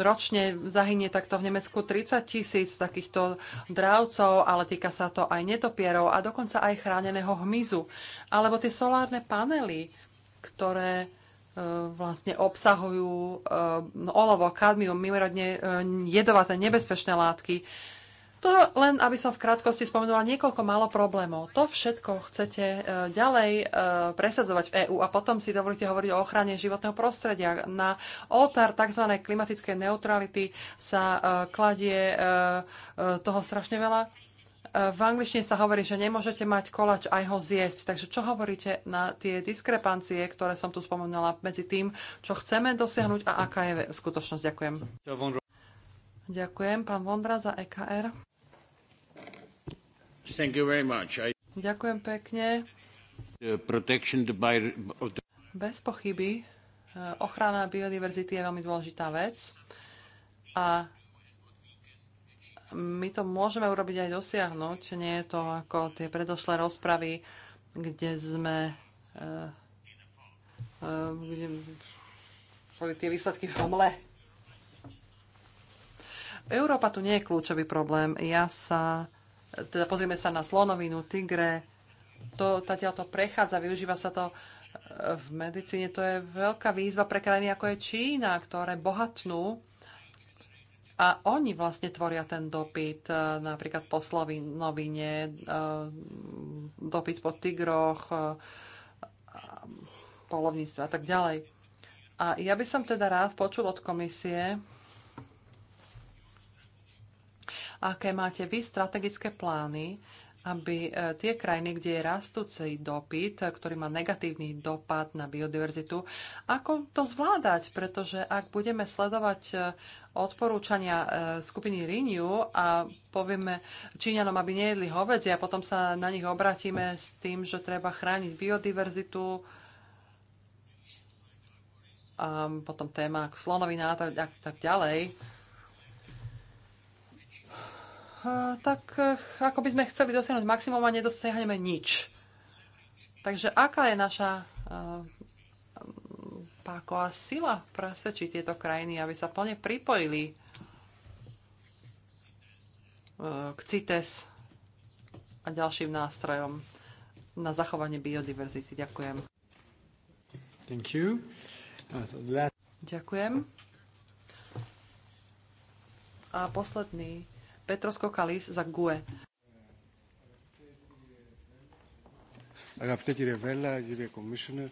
Ročne zahynie takto v Nemecku 30 tisíc takýchto dravcov, ale týka sa to aj netopierov a dokonca aj chráneného hmyzu. Alebo tie solárne panely, ktoré E, vlastne obsahujú e, olovo, kadmium, mimoriadne e, jedovaté, nebezpečné látky. To len, aby som v krátkosti spomenula niekoľko málo problémov. To všetko chcete ďalej presadzovať v EÚ a potom si dovolíte hovoriť o ochrane životného prostredia. Na oltár tzv. klimatickej neutrality sa kladie toho strašne veľa E, v angličtine sa hovorí, že nemôžete mať kolač aj ho zjesť. Takže čo hovoríte na tie diskrepancie, ktoré som tu spomenula medzi tým, čo chceme dosiahnuť a aká je skutočnosť? Ďakujem. Ďakujem, pán Vondra za EKR. Thank you very much. I... Ďakujem pekne. Bez pochyby e, ochrana biodiverzity je veľmi dôležitá vec a my to môžeme urobiť aj dosiahnuť. Nie je to ako tie predošlé rozpravy, kde sme eh, eh, kde boli tie výsledky v omle. Európa tu nie je kľúčový problém. Ja sa, teda pozrieme sa na slonovinu, tigre, to, zatiaľ to prechádza, využíva sa to eh, v medicíne. To je veľká výzva pre krajiny, ako je Čína, ktoré bohatnú a oni vlastne tvoria ten dopyt, e, napríklad po Slovinovine, e, dopyt po tigroch, e, polovníctve a tak ďalej. A ja by som teda rád počul od komisie, aké máte vy strategické plány aby e, tie krajiny, kde je rastúci dopyt, e, ktorý má negatívny dopad na biodiverzitu, ako to zvládať, pretože ak budeme sledovať e, odporúčania skupiny Renew a povieme Číňanom, aby nejedli hovedzi a potom sa na nich obratíme s tým, že treba chrániť biodiverzitu, a potom téma ako slonovina a tak, tak, tak ďalej, Eh, tak eh, ako by sme chceli dosiahnuť maximum a nedosiahneme nič. Takže aká je naša eh, páková sila presvedčiť tieto krajiny, aby sa plne pripojili k CITES a ďalším nástrojom na zachovanie biodiverzity. Ďakujem. Thank you. Uh, Ďakujem. A posledný Petros Kokalis za GUE. Αγαπητέ κύριε Βέλα, κύριε Commissioner,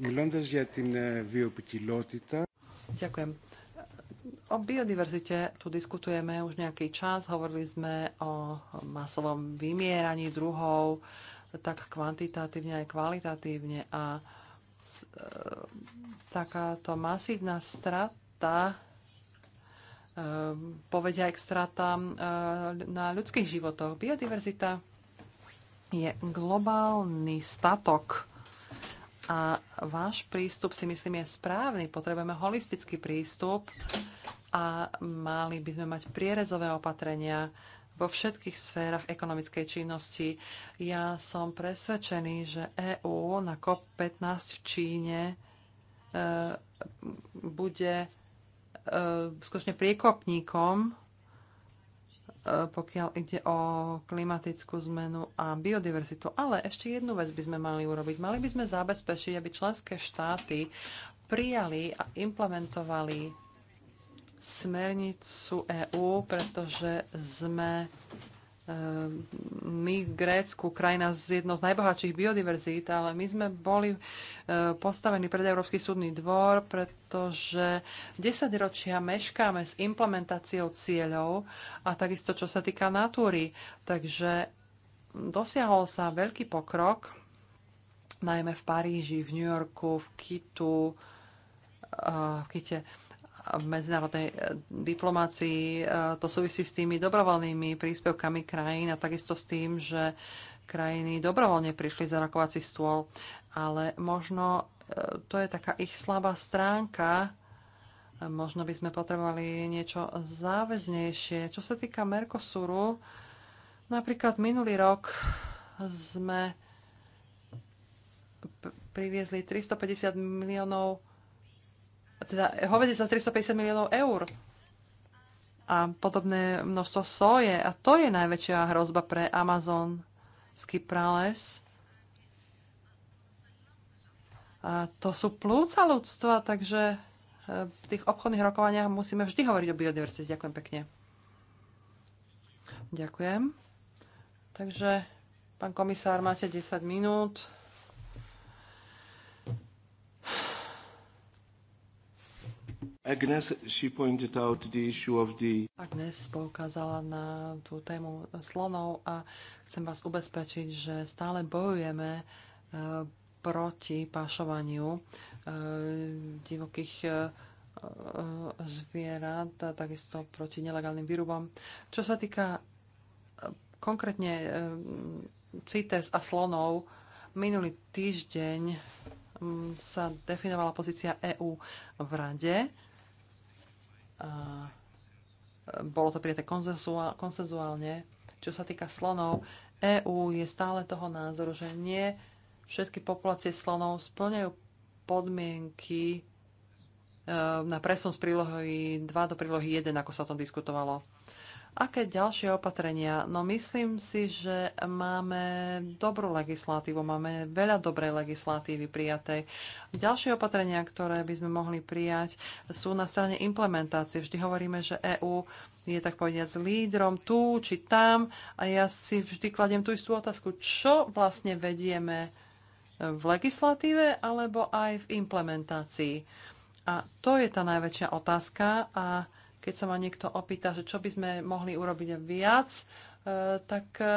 μιλώντας για την βιοποικιλότητα... Ďakujem. O biodiverzite tu diskutujeme už nejaký čas. Hovorili sme o masovom vymieraní druhov, tak kvantitatívne aj kvalitatívne. A e, takáto masívna strata Ehm, povedia aj k stratám eh, na ľudských životoch. Biodiverzita je globálny statok a váš prístup si myslím je správny. Potrebujeme holistický prístup a mali by sme mať prierezové opatrenia vo všetkých sférach ekonomickej činnosti. Ja som presvedčený, že EÚ na COP15 v Číne e, bude E, skutočne priekopníkom, e, pokiaľ ide o klimatickú zmenu a biodiverzitu. Ale ešte jednu vec by sme mali urobiť. Mali by sme zabezpečiť, aby členské štáty prijali a implementovali smernicu EÚ, pretože sme Ehm, my Grécku, krajina z jednou z najbohatších biodiverzít, ale my sme boli e, postavení pred Európsky súdny dvor, pretože 10 ročia meškáme s implementáciou cieľov a takisto čo sa týka natúry. Takže dosiahol sa veľký pokrok, najmä v Paríži, v New Yorku, v Kitu, e, v Kite v medzinárodnej e, diplomácii. E, to súvisí s tými dobrovoľnými príspevkami krajín a takisto s tým, že krajiny dobrovoľne prišli za rokovací stôl. Ale možno e, to je taká ich slabá stránka. Možno by sme potrebovali niečo záväznejšie. Čo sa týka Mercosuru, napríklad minulý rok sme priviezli 350 miliónov teda hovedie za 350 miliónov eur a podobné množstvo soje. A to je najväčšia hrozba pre amazonský prales. A to sú plúca ľudstva, takže e, v tých obchodných rokovaniach musíme vždy hovoriť o biodiverzite. Ďakujem pekne. Ďakujem. Takže, pán komisár, máte 10 minút. Agnes, she pointed out the issue of the... Agnes poukázala na tú tému slonov a chcem vás ubezpečiť, že stále bojujeme e, proti pášovaniu e, divokých e, zvierat a takisto proti nelegálnym výrubom. Čo sa týka konkrétne CITES a slonov, minulý týždeň sa definovala pozícia EÚ v rade Eh, bolo to prijaté konsenzuálne. Čo sa týka slonov, EÚ je stále toho názoru, že nie všetky populácie slonov splňajú podmienky eh, na presun z prílohy 2 do prílohy 1, ako sa o tom diskutovalo. Aké ďalšie opatrenia? No myslím si, že máme dobrú legislatívu, máme veľa dobrej legislatívy prijatej. Ďalšie opatrenia, ktoré by sme mohli prijať, sú na strane implementácie. Vždy hovoríme, že EÚ je tak povediať s lídrom tu či tam a ja si vždy kladiem tú istú otázku, čo vlastne vedieme v legislatíve alebo aj v implementácii. A to je tá najväčšia otázka a keď sa ma niekto opýta, že čo by sme mohli urobiť viac, e, tak e,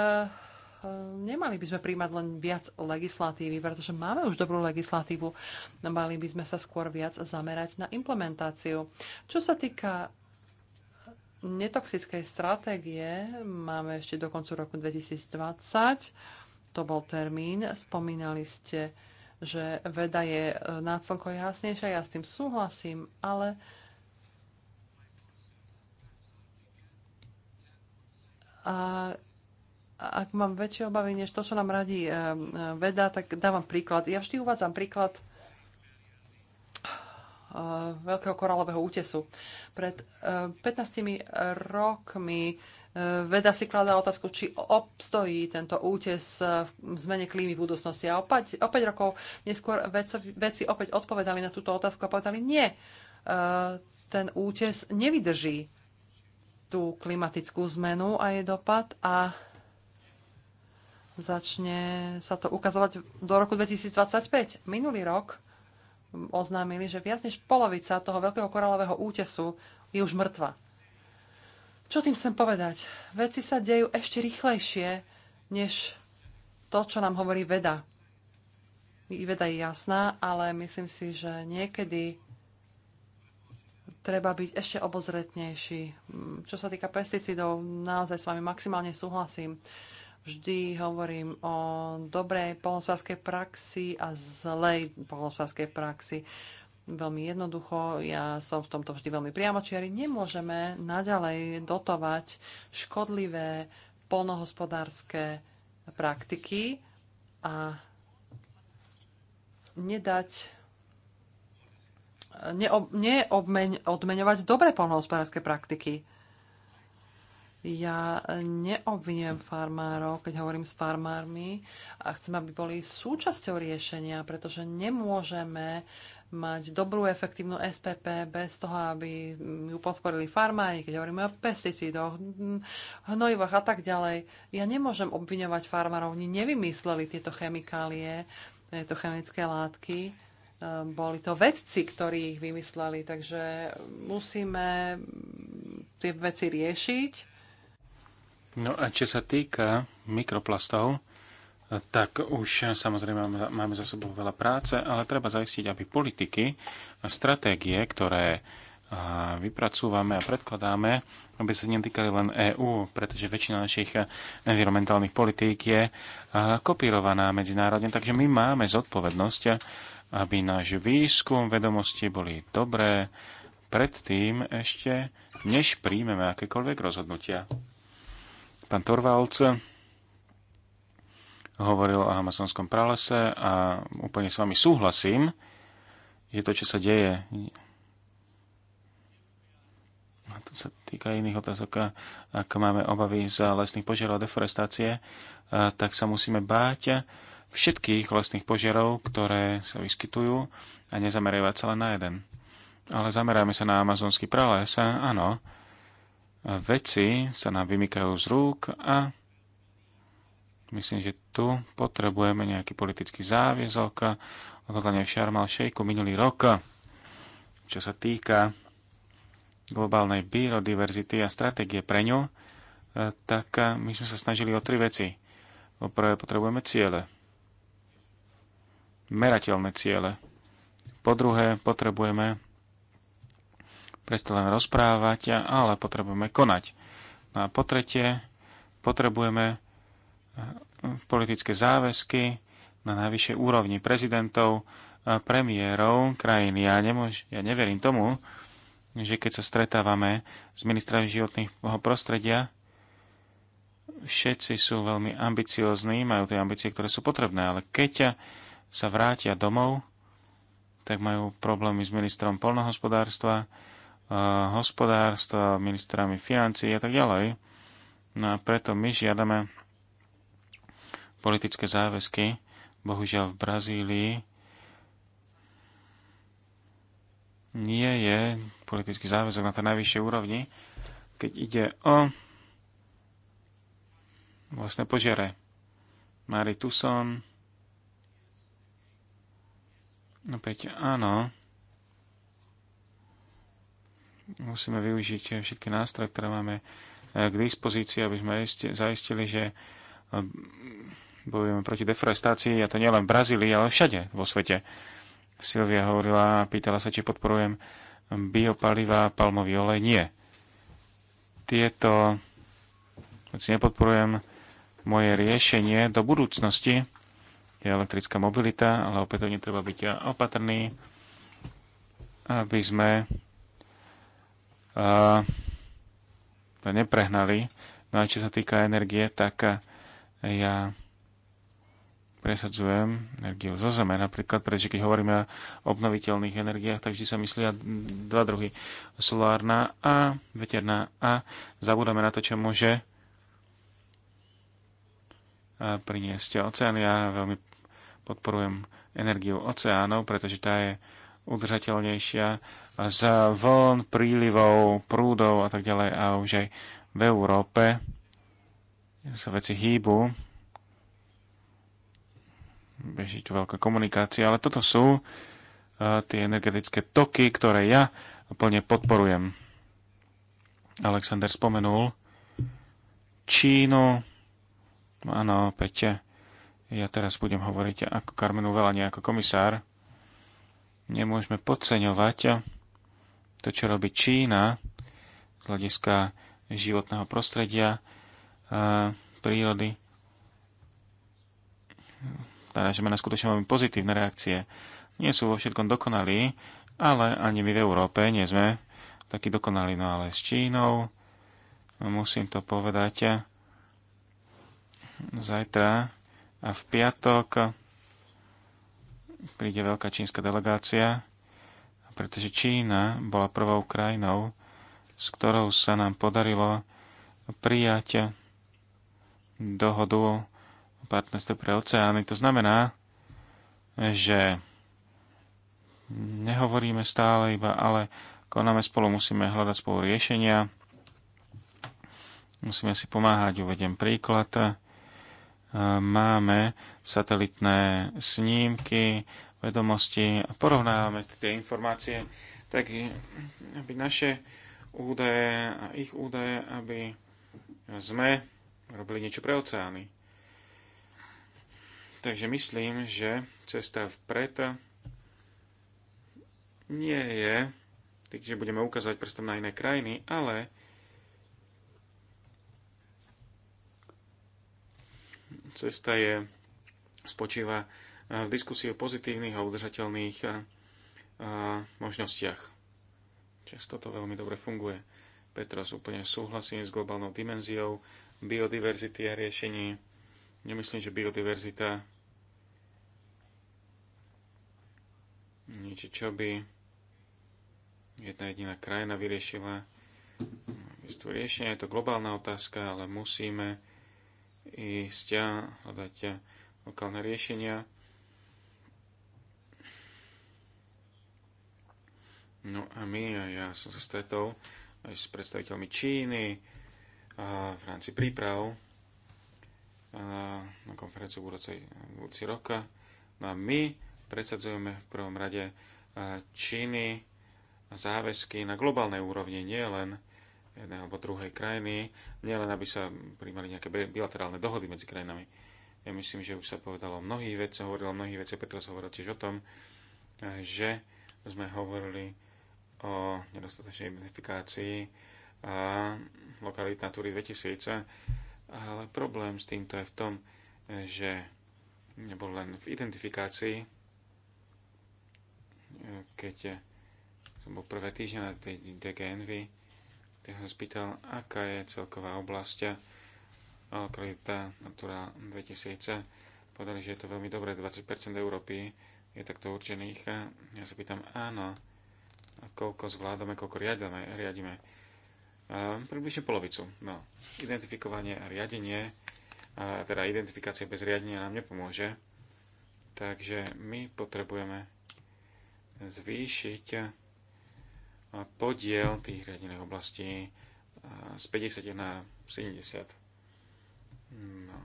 nemali by sme príjmať len viac legislatívy, pretože máme už dobrú legislatívu. Mali by sme sa skôr viac zamerať na implementáciu. Čo sa týka netoxickej stratégie, máme ešte do koncu roku 2020. To bol termín. Spomínali ste, že veda je e, nátfonko jasnejšia, ja s tým súhlasím, ale uh, A ak mám väčšie obavy než to, čo nám radí eh, eh, veda, tak dávam príklad. Ja vždy uvádzam príklad eh, veľkého koralového útesu. Pred 15 rokmi veda si kladá otázku, či obstojí tento útes v zmene klímy v budúcnosti. A opäť, o 5 rokov neskôr vedci opäť odpovedali na túto otázku a povedali, nie, ten útes nevydrží tú klimatickú zmenu a jej dopad a začne sa to ukazovať do roku 2025. Minulý rok oznámili, že viac než polovica toho veľkého koralového útesu je už mŕtva. Čo tým chcem povedať? Veci sa dejú ešte rýchlejšie, než to, čo nám hovorí veda. Veda je jasná, ale myslím si, že niekedy treba byť ešte obozretnejší. Mm, čo sa týka pesticidov, naozaj s vami maximálne súhlasím. Vždy hovorím o dobrej polnospodárskej praxi a zlej polnospodárskej praxi. Veľmi jednoducho, ja som v tomto vždy veľmi priamočiari. Nemôžeme naďalej dotovať škodlivé polnohospodárske praktiky a nedať neob, neobmeň, odmeňovať dobré polnohospodárske praktiky. Ja neobviniem farmárov, keď hovorím s farmármi a chcem, aby boli súčasťou riešenia, pretože nemôžeme mať dobrú efektívnu SPP bez toho, aby ju podporili farmári, keď hovoríme o pesticídoch, hnojivách a tak ďalej. Ja nemôžem obviňovať farmárov, oni nevymysleli tieto chemikálie, tieto chemické látky Ehm, boli to vedci, ktorí ich vymysleli, takže musíme tie veci riešiť. No a čo sa týka mikroplastov, tak už samozrejme máme za sebou veľa práce, ale treba zaistiť, aby politiky a stratégie, ktoré vypracúvame a predkladáme, aby sa netýkali len EÚ, pretože väčšina našich environmentálnych politík je eh, kopírovaná medzinárodne, takže my máme zodpovednosť, aby náš výskum vedomosti boli dobré predtým ešte, než príjmeme akékoľvek rozhodnutia. Pán Torvalc hovoril o amazonskom pralese a úplne s vami súhlasím, je to, čo sa deje to sa týka iných otázok, ak máme obavy z lesných požiarov a deforestácie, eh, tak sa musíme báť všetkých lesných požiarov, ktoré sa vyskytujú a nezameriavať sa len na jeden. Ale zameráme sa na amazonský prales, eh, áno. Veci sa nám vymykajú z rúk a myslím, že tu potrebujeme nejaký politický záviezok, odhodlanie v Šarmal Šejku minulý rok, čo sa týka globálnej biodiverzity a stratégie pre ňu, e, tak e, my sme sa snažili o tri veci. Poprvé potrebujeme ciele. Merateľné ciele. Po druhé potrebujeme prestať len rozprávať, ale potrebujeme konať. No a po tretie potrebujeme e, politické záväzky na najvyššej úrovni prezidentov, premiérov krajín. Ja, nemôž, ja neverím tomu, že keď sa stretávame s ministrami životného prostredia, všetci sú veľmi ambiciozní, majú tie ambície, ktoré sú potrebné, ale keď sa vrátia domov, tak majú problémy s ministrom polnohospodárstva, eh, hospodárstva, ministrami financií a tak ďalej. No a preto my žiadame politické záväzky. Bohužiaľ v Brazílii nie je politický záväzok na tej najvyššej úrovni, keď ide o vlastne požiare. Mary Tusson. Opäť áno. Musíme využiť všetky nástroje, ktoré máme eh, k dispozícii, aby sme zaistili, že eh, bojujeme proti deforestácii, a to nielen v Brazílii, ale všade vo svete. Silvia hovorila, pýtala sa, či podporujem biopaliva, palmový olej. Nie. Tieto hoci nepodporujem. Moje riešenie do budúcnosti je elektrická mobilita, ale opätovne treba byť opatrný, aby sme to eh, neprehnali. No a čo sa týka energie, tak ja presadzujem energiu zo zeme. Napríklad, pretože keď hovoríme o obnoviteľných energiách, tak vždy sa myslia dva druhy. Solárna a veterná a zabudame na to, čo môže priniesť oceán. Ja veľmi podporujem energiu oceánov, pretože tá je udržateľnejšia z vln, prílivov, prúdov a tak ďalej. A už aj v Európe sa veci hýbu beží tu veľká komunikácia, ale toto sú e, tie energetické toky, ktoré ja plne podporujem. Alexander spomenul Čínu. Áno, Peťa, ja teraz budem hovoriť ako Karmenu Velani, ako komisár. Nemôžeme podceňovať to, čo robí Čína z hľadiska životného prostredia, e, prírody, narážame na skutočne veľmi pozitívne reakcie. Nie sú vo všetkom dokonalí, ale ani my v Európe nie sme takí dokonalí. No ale s Čínou, no musím to povedať, zajtra a v piatok príde veľká čínska delegácia, pretože Čína bola prvou krajinou, s ktorou sa nám podarilo prijať dohodu partnerstvo pre oceány. To znamená, že nehovoríme stále iba, ale konáme spolu, musíme hľadať spolu riešenia, musíme si pomáhať, uvediem príklad. E, máme satelitné snímky, vedomosti a porovnávame tie informácie, tak aby naše údaje a ich údaje, aby sme robili niečo pre oceány. Takže myslím, že cesta vpred nie je, takže budeme ukázať prstom na iné krajiny, ale cesta je, spočíva v diskusii o pozitívnych a udržateľných možnostiach. Často to veľmi dobre funguje. Petros, úplne súhlasím s globálnou dimenziou biodiverzity a riešení. Nemyslím, že biodiverzita niečo, čo by jedna jediná krajina vyriešila. Je to riešenie je to globálna otázka, ale musíme ísť a hľadať lokálne riešenia. No a my, a ja som sa stretol aj s predstaviteľmi Číny a v rámci príprav na konferenciu budúci roka. No a my presadzujeme v prvom rade e, činy a záväzky na globálnej úrovni, nie len jednej alebo druhej krajiny, nielen aby sa príjmali nejaké bilaterálne dohody medzi krajinami. Ja myslím, že už sa povedalo o mnohých veciach, hovorilo o mnohých veciach, Petros hovoril tiež o tom, e, že sme hovorili o nedostatočnej identifikácii a e, lokalit Natúry 2000, ale problém s týmto je v tom, že nebol len v identifikácii, keď som bol prvé týždňa na tej DGNV, tak som spýtal, aká je celková oblasť lokalita Natura 2000. Povedali, že je to veľmi dobré, 20% Európy je takto určených. Ja sa pýtam, áno, koľko zvládame, koľko riadame, riadime. A približne polovicu. No, identifikovanie a riadenie, a teda identifikácia bez riadenia nám nepomôže. Takže my potrebujeme zvýšiť eh, podiel tých riadených oblastí eh, z 50 na 70. No.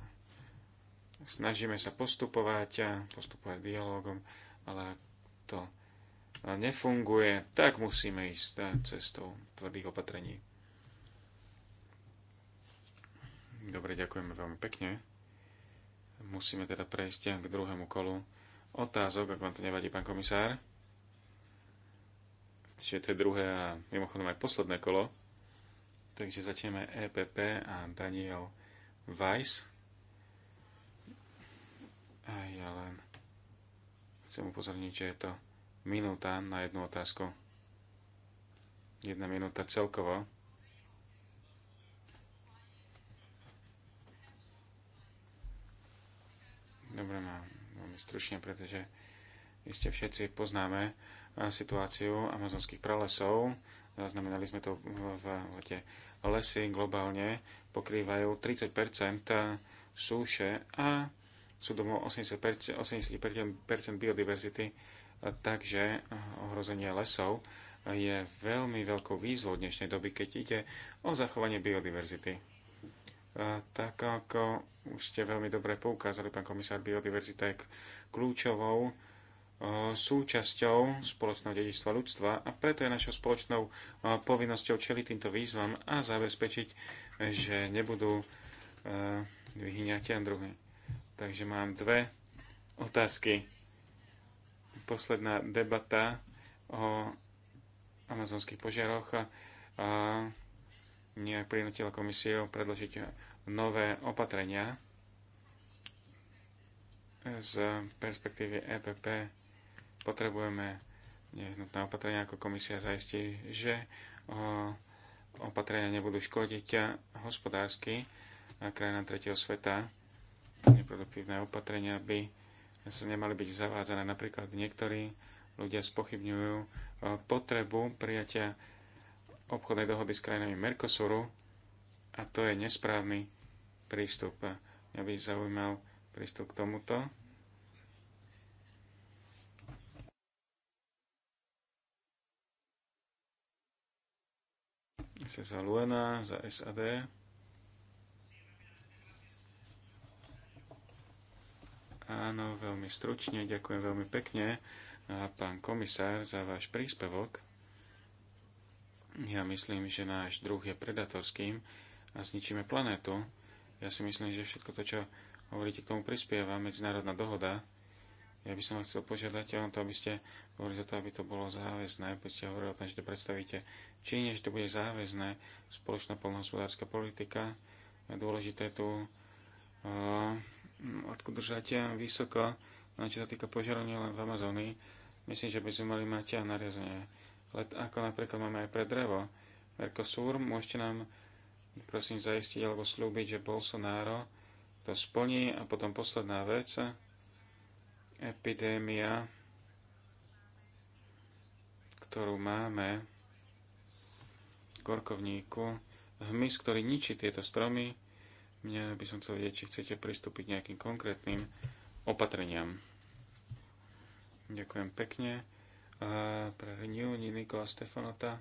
Snažíme sa postupovať, eh, postupovať dialogom, ale ak to nefunguje, tak musíme ísť cestou tvrdých opatrení. Dobre, ďakujeme veľmi pekne. Musíme teda prejsť k druhému kolu otázok, ak vám to nevadí, pán komisár. Čiže to je druhé a mimochodom aj posledné kolo. Takže začneme EPP a Daniel Weiss. A ja len chcem upozorniť, že je to minúta na jednu otázku. Jedna minúta celkovo. Dobre, mám veľmi stručne, pretože iste všetci poznáme situáciu amazonských pralesov. Zaznamenali sme to v lete. Lesy globálne pokrývajú 30 súše a sú domov 80%, biodiverzity, takže ohrozenie lesov je veľmi veľkou výzvou dnešnej doby, keď ide o zachovanie biodiverzity. Tak ako už ste veľmi dobre poukázali, pán komisár, biodiverzita je kľúčovou E, súčasťou spoločného dedičstva ľudstva a preto je našou spoločnou e, povinnosťou čeliť týmto výzvam a zabezpečiť, že nebudú e, vyhyňať a druhé. Takže mám dve otázky. Posledná debata o amazonských požiaroch a nejak prinútila komisiu predložiť nové opatrenia z perspektívy EPP potrebujeme nehnutné opatrenia, ako komisia zaistí, že opatrenia nebudú škodiť hospodársky krajinám tretieho sveta. Neproduktívne opatrenia by sa nemali byť zavádzané. Napríklad niektorí ľudia spochybňujú potrebu prijatia obchodnej dohody s krajinami Mercosuru a to je nesprávny prístup. Mňa by zaujímal prístup k tomuto. za Luena za SAD. Áno, veľmi stručne, ďakujem veľmi pekne, a pán komisár, za váš príspevok. Ja myslím, že náš druh je predatorským a zničíme planétu. Ja si myslím, že všetko to, čo hovoríte, k tomu prispieva medzinárodná dohoda ja by som chcel požiadať o to, aby ste hovorili za to, aby to bolo záväzné, aby ste hovorili o tom, že to predstavíte Číne, že to bude záväzné, spoločná polnohospodárska politika. Je dôležité tu uh, odkud držať vysoko, no čo sa týka požiarov len v Amazónii, myslím, že by sme mali mať aj nariazenie. Ale ako napríklad máme aj pre drevo, Mercosur, môžete nám prosím zaistiť alebo slúbiť, že Bolsonaro to splní a potom posledná vec, epidémia, ktorú máme v korkovníku, hmyz, ktorý ničí tieto stromy, mňa by som chcel vedieť, či chcete pristúpiť nejakým konkrétnym opatreniam. Ďakujem pekne. A pre Renew Nikola Stefanota.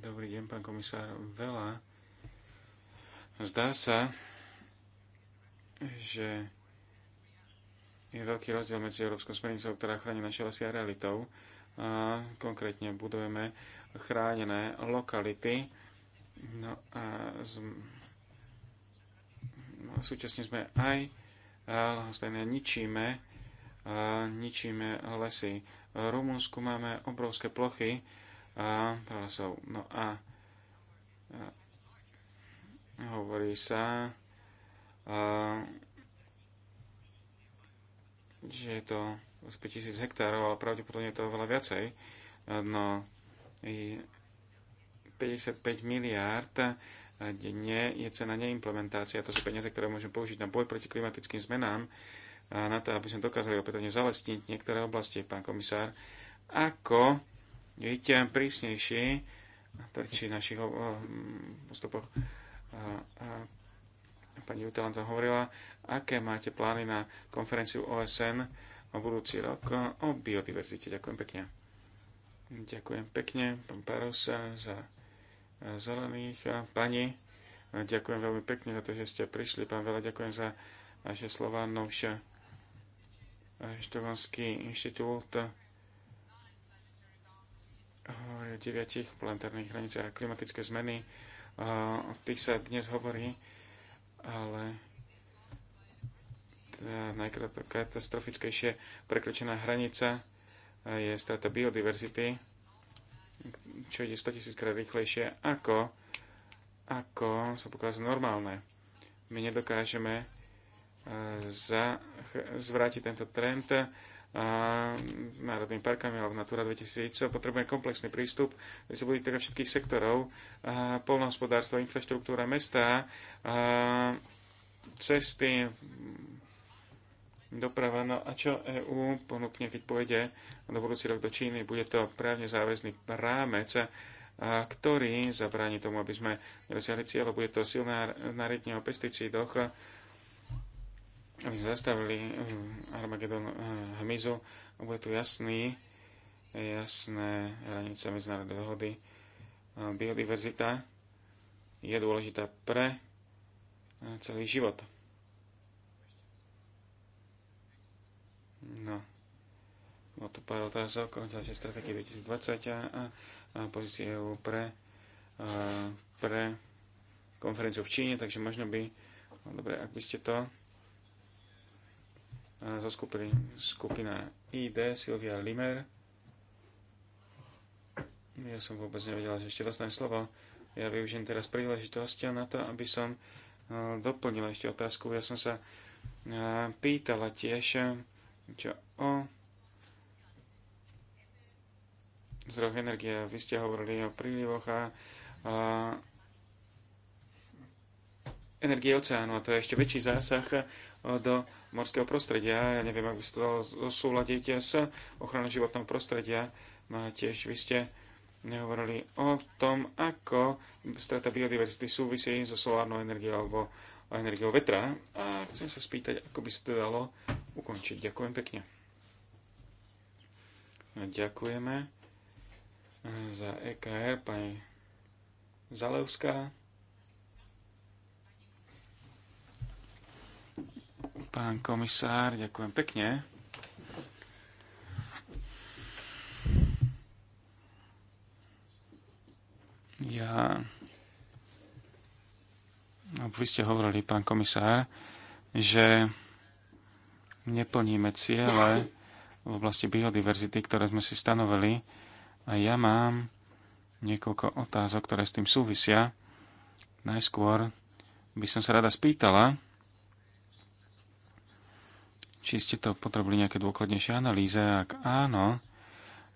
Dobrý deň, pán komisár. Veľa. Zdá sa, že je veľký rozdiel medzi Európskou smernicou, ktorá chráni naše lesy a realitou. A konkrétne budujeme chránené lokality. No a z... No súčasne sme aj lahostajné ničíme, a ničíme lesy. V Rumunsku máme obrovské plochy a pralesov. No a, a hovorí sa, že je to 5000 hektárov, ale pravdepodobne je to oveľa viacej. No, 55 miliárd denne je cena neimplementácia. To sú peniaze, ktoré môžeme použiť na boj proti klimatickým zmenám, na to, aby sme dokázali opätovne zalesniť niektoré oblasti, pán komisár. Ako vidíte, prísnejší, to či našich postupoch Pani Utelanta hovorila, aké máte plány na konferenciu OSN o budúci rok o biodiverzite. Ďakujem pekne. Ďakujem pekne, pán Paros, za zelených. Pani, ďakujem veľmi pekne za to, že ste prišli. Pán Vela, ďakujem za vaše slova. Novšia Štokholmský inštitút o deviatich planetárnych hraniciach a klimatické zmeny. O tých sa dnes hovorí ale tá najkatastrofickejšie prekročená hranica je strata biodiverzity, čo ide 100 000 krát rýchlejšie ako, ako sa pokáza normálne. My nedokážeme eh, zvrátiť tento trend národnými parkami alebo Natura 2000 potrebujeme komplexný prístup, kde sa bude týkať všetkých sektorov, polnohospodárstva, infraštruktúra mesta, cesty, doprava. No a čo EÚ ponúkne, keď pôjde do budúci rok do Číny? Bude to právne záväzný rámec, ktorý zabráni tomu, aby sme dosiahli cieľ, bude to silná nariadenie o pesticídoch, aby sme zastavili eh, Armagedon eh, hmyzu, a bude tu jasný, jasné hranice medzinárodnej dohody. Eh, biodiverzita je dôležitá pre celý život. No. Bolo tu pár otázok o ďalšej stratégie 2020 a, a, a pozície EU pre, a, pre konferenciu v Číne, takže možno by, no dobre, ak by ste to zo skupiny skupina ID Silvia Limer. Ja som vôbec nevedel, že ešte dostanem slovo. Ja využijem teraz príležitosť na to, aby som e, doplnila ešte otázku. Ja som sa e, pýtala tiež, čo o zdroch energie. Vy ste hovorili o prílivoch a, a energie oceánu a to je ešte väčší zásah e, do morského prostredia. Ja neviem, ako by ste to dalo zosúľadiť s ochranou životného prostredia. Má no tiež vy ste nehovorili o tom, ako strata biodiverzity súvisí so solárnou energiou alebo energiou vetra. A chcem sa spýtať, ako by sa to dalo ukončiť. Ďakujem pekne. Ďakujeme eh, za EKR, pani Zalevská. Pán komisár, ďakujem pekne. Ja... No, vy ste hovorili, pán komisár, že neplníme ciele v oblasti biodiverzity, ktoré sme si stanovili. A ja mám niekoľko otázok, ktoré s tým súvisia. Najskôr by som sa rada spýtala, či ste to potrebovali nejaké dôkladnejšie analýze. Ak áno,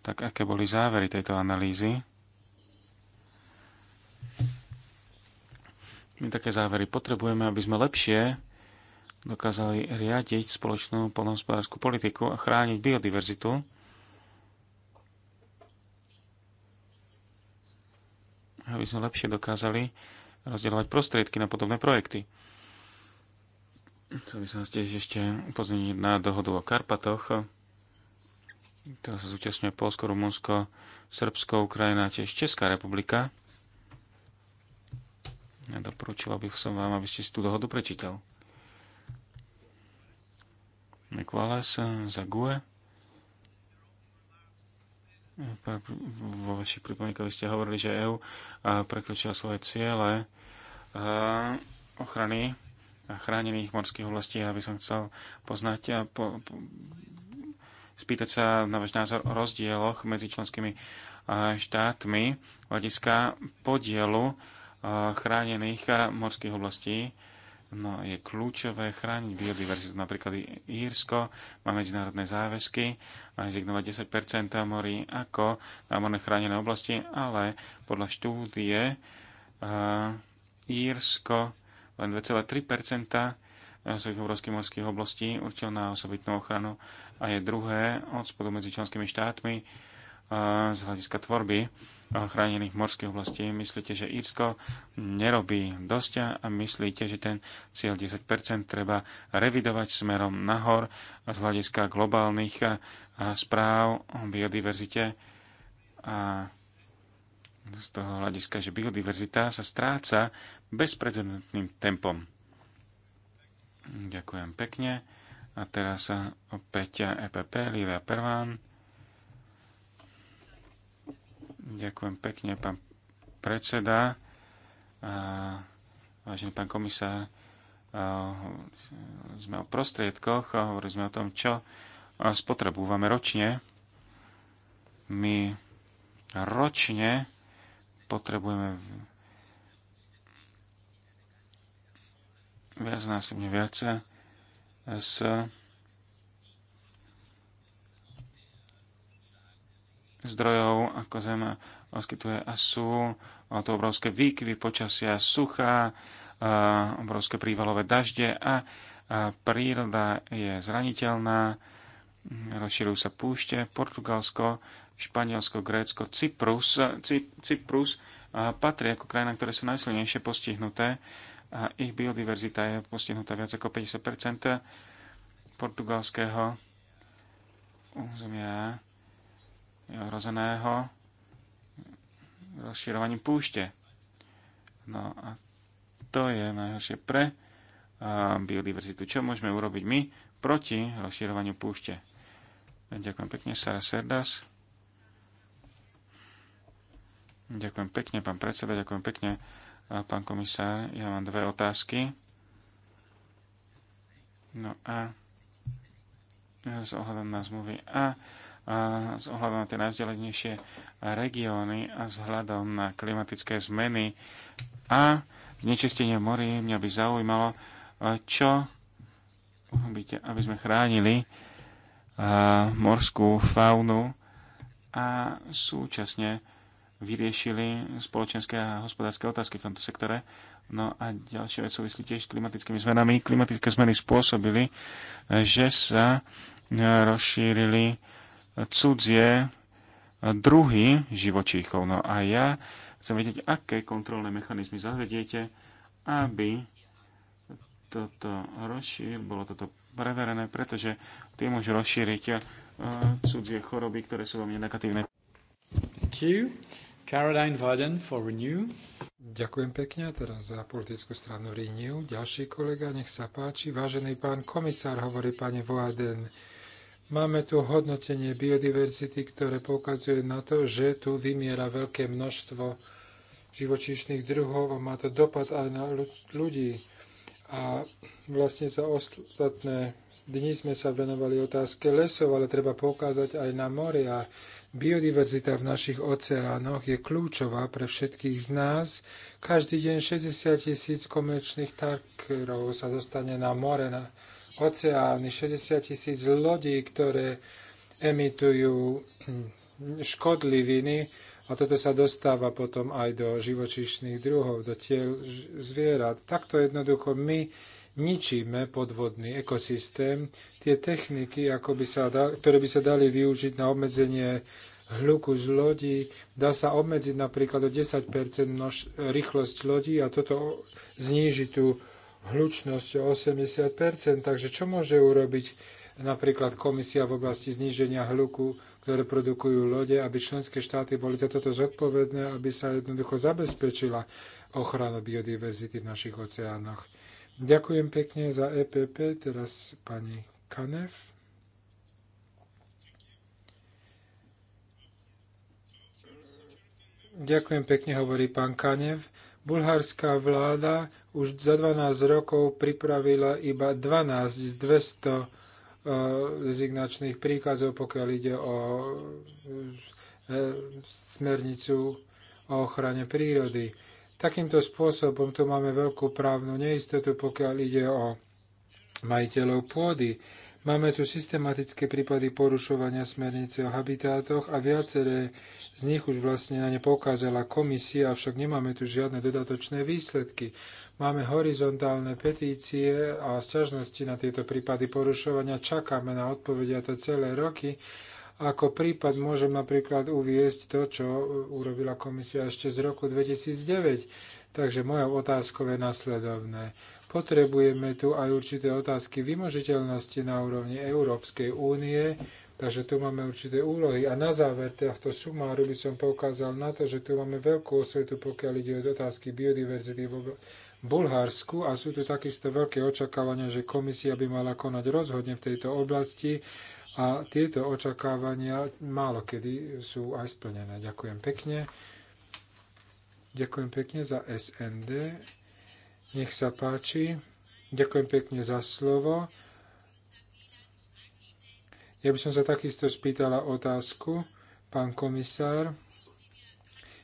tak aké boli závery tejto analýzy? My také závery potrebujeme, aby sme lepšie dokázali riadiť spoločnú polnohospodárskú politiku a chrániť biodiverzitu. Aby sme lepšie dokázali rozdielovať prostriedky na podobné projekty. Chcel by som tiež ešte upozorniť na dohodu o Karpatoch. Teraz sa zúčastňuje Polsko, Rumunsko, Srbsko, Ukrajina, tiež Česká republika. Ja doporučila by som vám, aby ste si tú dohodu prečítal. Mikvales za GUE. Vo vašich pripomienkach ste hovorili, že EU prekročila svoje ciele ochrany chránených morských oblastí. Ja by som chcel poznať a po, po, spýtať sa na váš názor o rozdieloch medzi členskými štátmi hľadiska podielu chránených morských oblastí. No, je kľúčové chrániť biodiverzitu. Napríklad Írsko má medzinárodné záväzky a zignovať 10 morí ako námorné chránené oblasti, ale podľa štúdie Írsko len 2,3 z európskych morských oblastí určil na osobitnú ochranu a je druhé od spodu medzi členskými štátmi eh, z hľadiska tvorby eh, chránených morských oblastí. Myslíte, že Írsko nerobí dosť a myslíte, že ten cieľ 10% treba revidovať smerom nahor z hľadiska globálnych eh, správ o biodiverzite a z toho hľadiska, že biodiverzita sa stráca bezprecedentným tempom. Ďakujem pekne. A teraz sa opäť EPP, Lívia Perván. Ďakujem pekne, pán predseda. A, vážený pán komisár, a, sme o prostriedkoch a hovorili sme o tom, čo spotrebúvame ročne. My ročne potrebujeme viac násobne viace s zdrojov ako zem oskytuje a sú to obrovské výkyvy počasia, suchá, obrovské prívalové dažde a príroda je zraniteľná, rozširujú sa púšte. Portugalsko Španielsko, Grécko, Cyprus, Cyprus patrí ako krajina, ktoré sú najsilnejšie postihnuté a ich biodiverzita je postihnutá viac ako 50 portugalského územia ohrozeného rozširovaním púšte. No a to je najhoršie pre biodiverzitu. Čo môžeme urobiť my proti rozširovaniu púšte? Ďakujem pekne, Sara Serdas. Ďakujem pekne, pán predseda, ďakujem pekne, pán komisár. Ja mám dve otázky. No a s ohľadom na zmluvy a, a s ohľadom na tie najvzdelenejšie regióny a s hľadom na klimatické zmeny a znečistenie morí, mňa by zaujímalo, čo urobíte, aby sme chránili morskú faunu a súčasne vyriešili spoločenské a hospodárske otázky v tomto sektore. No a ďalšia vec súvislí tiež s klimatickými zmenami. Klimatické zmeny spôsobili, že sa e, rozšírili cudzie druhy živočíchov. No a ja chcem vedieť, aké kontrolné mechanizmy zavediete, aby toto rozšír, bolo toto preverené, pretože tie môžu rozšíriť e, cudzie choroby, ktoré sú veľmi negatívne. Thank you. Caroline Vaden for Renew. Ďakujem pekne teraz za politickú stranu Renew. Ďalší kolega, nech sa páči. Vážený pán komisár, hovorí pani Vaden. Máme tu hodnotenie biodiverzity, ktoré poukazuje na to, že tu vymiera veľké množstvo živočíšnych druhov a má to dopad aj na ľudí. A vlastne za ostatné dni sme sa venovali otázke lesov, ale treba poukázať aj na more a Biodiverzita v našich oceánoch je kľúčová pre všetkých z nás. Každý deň 60 tisíc komerčných tankerov sa dostane na more, na oceány, 60 tisíc lodí, ktoré emitujú hm, škodliviny a toto sa dostáva potom aj do živočíšnych druhov, do tiel zvierat. Takto jednoducho my ničíme podvodný ekosystém. Tie techniky, ako by sa da, ktoré by sa dali využiť na obmedzenie hľuku z lodí, dá sa obmedziť napríklad o 10 množ, rýchlosť lodí a toto zníži tú hlučnosť o 80 Takže čo môže urobiť napríklad komisia v oblasti zníženia hľuku, ktoré produkujú lode, aby členské štáty boli za toto zodpovedné, aby sa jednoducho zabezpečila ochrana biodiverzity v našich oceánoch. Ďakujem pekne za EPP, teraz pani Kanev. Ďakujem pekne, hovorí pán Kanev. Bulharská vláda už za 12 rokov pripravila iba 12 z 200 rezignačných príkazov, pokiaľ ide o e, smernicu o ochrane prírody Takýmto spôsobom tu máme veľkú právnu neistotu, pokiaľ ide o majiteľov pôdy. Máme tu systematické prípady porušovania smernice o habitátoch a viaceré z nich už vlastne na ne poukázala komisia, avšak nemáme tu žiadne dodatočné výsledky. Máme horizontálne petície a sťažnosti na tieto prípady porušovania, čakáme na odpovedia to celé roky ako prípad môžem napríklad uviesť to, čo urobila komisia ešte z roku 2009. Takže mojou otázkou je nasledovné. Potrebujeme tu aj určité otázky vymožiteľnosti na úrovni Európskej únie, takže tu máme určité úlohy. A na záver tohto sumáru by som poukázal na to, že tu máme veľkú osvetu, pokiaľ ide o otázky biodiverzity Bulharsku a sú tu takisto veľké očakávania, že komisia by mala konať rozhodne v tejto oblasti a tieto očakávania málo kedy sú aj splnené. Ďakujem pekne. Ďakujem pekne za SND. Nech sa páči. Ďakujem pekne za slovo. Ja by som sa takisto spýtala otázku, pán komisár.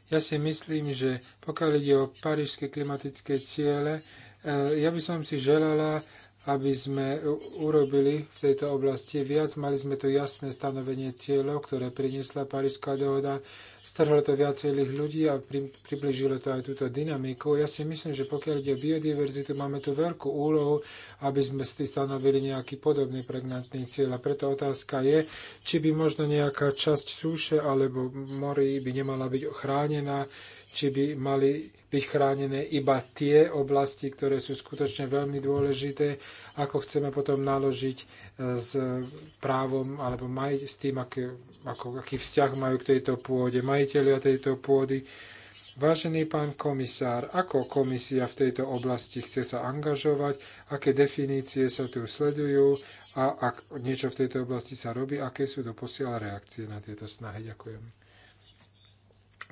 Ja si myslím, že pokiaľ ide o parížske klimatické ciele, eh, ja by som si želala aby sme urobili v tejto oblasti viac. Mali sme tu jasné stanovenie cieľov, ktoré priniesla Parížská dohoda. Strhlo to viacerých ľudí a pri, približilo to aj túto dynamiku. Ja si myslím, že pokiaľ ide o biodiverzitu, máme tu veľkú úlohu, aby sme si stanovili nejaký podobný pregnantný cieľ. A preto otázka je, či by možno nejaká časť súše alebo morí by nemala byť ochránená, či by mali byť chránené iba tie oblasti, ktoré sú skutočne veľmi dôležité, ako chceme potom naložiť e, s právom alebo maj, s tým, aký, ako, aký vzťah majú k tejto pôde majiteľia tejto pôdy. Vážený pán komisár, ako komisia v tejto oblasti chce sa angažovať, aké definície sa tu sledujú a ak niečo v tejto oblasti sa robí, aké sú doposiaľ reakcie na tieto snahy? Ďakujem.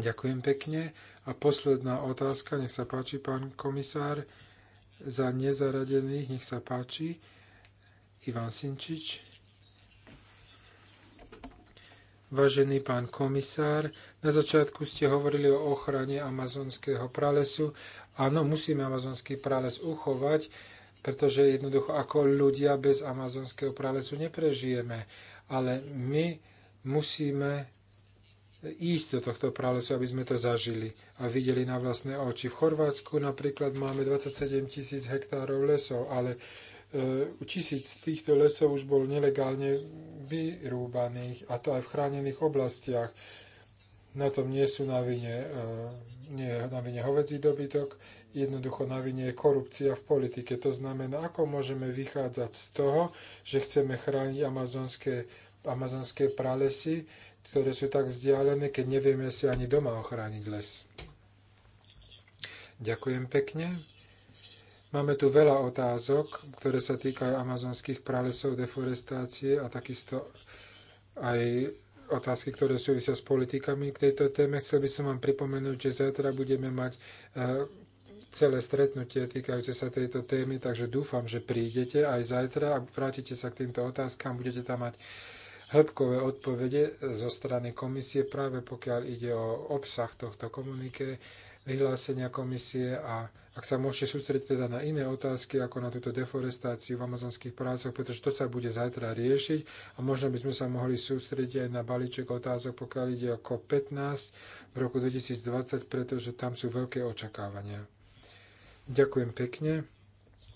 Ďakujem pekne. A posledná otázka, nech sa páči, pán komisár, za nezaradených, nech sa páči, Ivan Sinčič. Vážený pán komisár, na začiatku ste hovorili o ochrane amazonského pralesu. Áno, musíme amazonský prales uchovať, pretože jednoducho ako ľudia bez amazonského pralesu neprežijeme. Ale my musíme ísť do tohto pralesu, aby sme to zažili a videli na vlastné oči. V Chorvátsku napríklad máme 27 tisíc hektárov lesov, ale e, tisíc z týchto lesov už bol nelegálne vyrúbaných, a to aj v chránených oblastiach. Na tom nie sú na vine, e, nie je na vine hovedzí dobytok, jednoducho na vine je korupcia v politike. To znamená, ako môžeme vychádzať z toho, že chceme chrániť amazonské, amazonské pralesy, ktoré sú tak vzdialené, keď nevieme si ani doma ochrániť les. Ďakujem pekne. Máme tu veľa otázok, ktoré sa týkajú amazonských pralesov, deforestácie a takisto aj otázky, ktoré súvisia s politikami k tejto téme. Chcel by som vám pripomenúť, že zajtra budeme mať e, celé stretnutie týkajúce sa tejto témy, takže dúfam, že prídete aj zajtra a vrátite sa k týmto otázkam. Budete tam mať hĺbkové odpovede zo strany komisie, práve pokiaľ ide o obsah tohto komuniké, vyhlásenia komisie a ak sa môžete sústrediť teda na iné otázky ako na túto deforestáciu v amazonských prácoch, pretože to sa bude zajtra riešiť a možno by sme sa mohli sústrediť aj na balíček otázok, pokiaľ ide o COP15 v roku 2020, pretože tam sú veľké očakávania. Ďakujem pekne.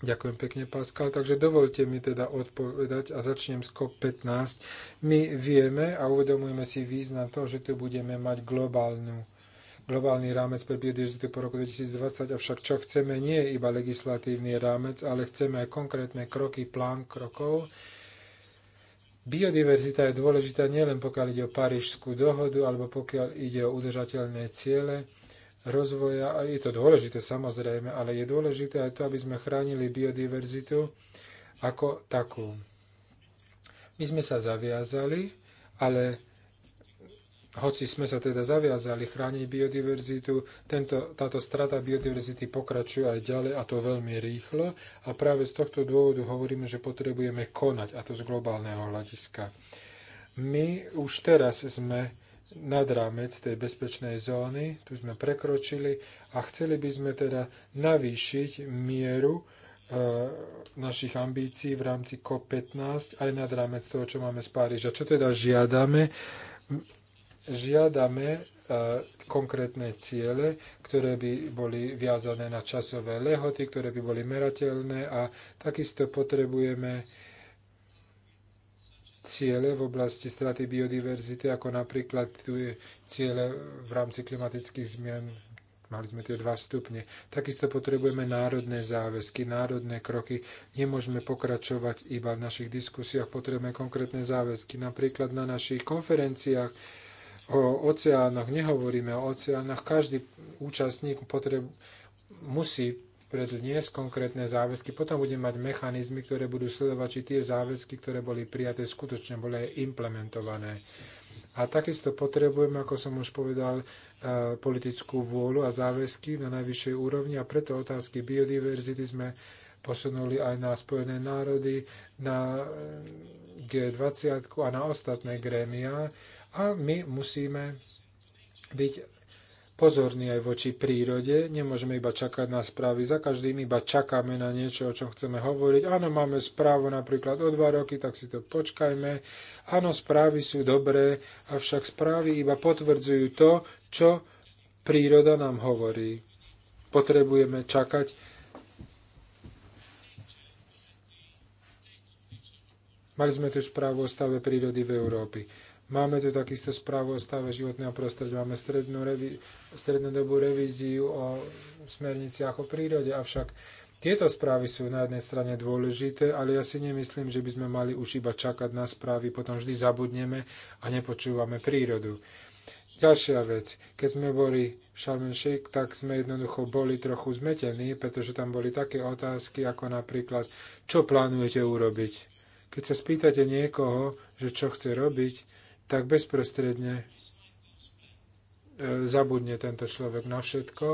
Ďakujem pekne, Pascal. Takže dovolte mi teda odpovedať a začnem z COP15. My vieme a uvedomujeme si význam toho, že tu budeme mať globálnu globálny rámec pre biodiverzitu po roku 2020, avšak čo chceme nie je iba legislatívny rámec, ale chceme aj konkrétne kroky, plán krokov. Biodiverzita je dôležitá nielen pokiaľ ide o Parížskú dohodu alebo pokiaľ ide o udržateľné ciele, rozvoja a je to dôležité samozrejme, ale je dôležité aj to, aby sme chránili biodiverzitu ako takú. My sme sa zaviazali, ale hoci sme sa teda zaviazali chrániť biodiverzitu, tento, táto strata biodiverzity pokračuje aj ďalej a to veľmi rýchlo a práve z tohto dôvodu hovoríme, že potrebujeme konať a to z globálneho hľadiska. My už teraz sme nad rámec tej bezpečnej zóny, tu sme prekročili a chceli by sme teda navýšiť mieru e, našich ambícií v rámci COP15 aj nad rámec toho, čo máme z Páriža. Čo teda žiadame? Žiadame e, konkrétne ciele, ktoré by boli viazané na časové lehoty, ktoré by boli merateľné a takisto potrebujeme ciele v oblasti straty biodiverzity, ako napríklad tu je ciele v rámci klimatických zmien, mali sme tie dva stupne. Takisto potrebujeme národné záväzky, národné kroky. Nemôžeme pokračovať iba v našich diskusiách, potrebujeme konkrétne záväzky. Napríklad na našich konferenciách o oceánoch, nehovoríme o oceánoch, každý účastník potrebu- musí predniesť konkrétne záväzky. Potom budeme mať mechanizmy, ktoré budú sledovať, či tie záväzky, ktoré boli prijaté, skutočne boli aj implementované. A takisto potrebujeme, ako som už povedal, e, politickú vôľu a záväzky na najvyššej úrovni a preto otázky biodiverzity sme posunuli aj na Spojené národy, na e, G20 a na ostatné grémia. A my musíme byť pozorní aj voči prírode. Nemôžeme iba čakať na správy. Za každým iba čakáme na niečo, o čom chceme hovoriť. Áno, máme správu napríklad o dva roky, tak si to počkajme. Áno, správy sú dobré, avšak správy iba potvrdzujú to, čo príroda nám hovorí. Potrebujeme čakať Mali sme tu správu o stave prírody v Európe. Máme tu takisto správu o stave životného prostredia, máme strednú revi- strednodobú revíziu o smerniciach o prírode, avšak tieto správy sú na jednej strane dôležité, ale ja si nemyslím, že by sme mali už iba čakať na správy, potom vždy zabudneme a nepočúvame prírodu. Ďalšia vec, keď sme boli v Šalmenšik, tak sme jednoducho boli trochu zmetení, pretože tam boli také otázky ako napríklad, čo plánujete urobiť? Keď sa spýtate niekoho, že čo chce robiť, tak bezprostredne e, zabudne tento človek na všetko.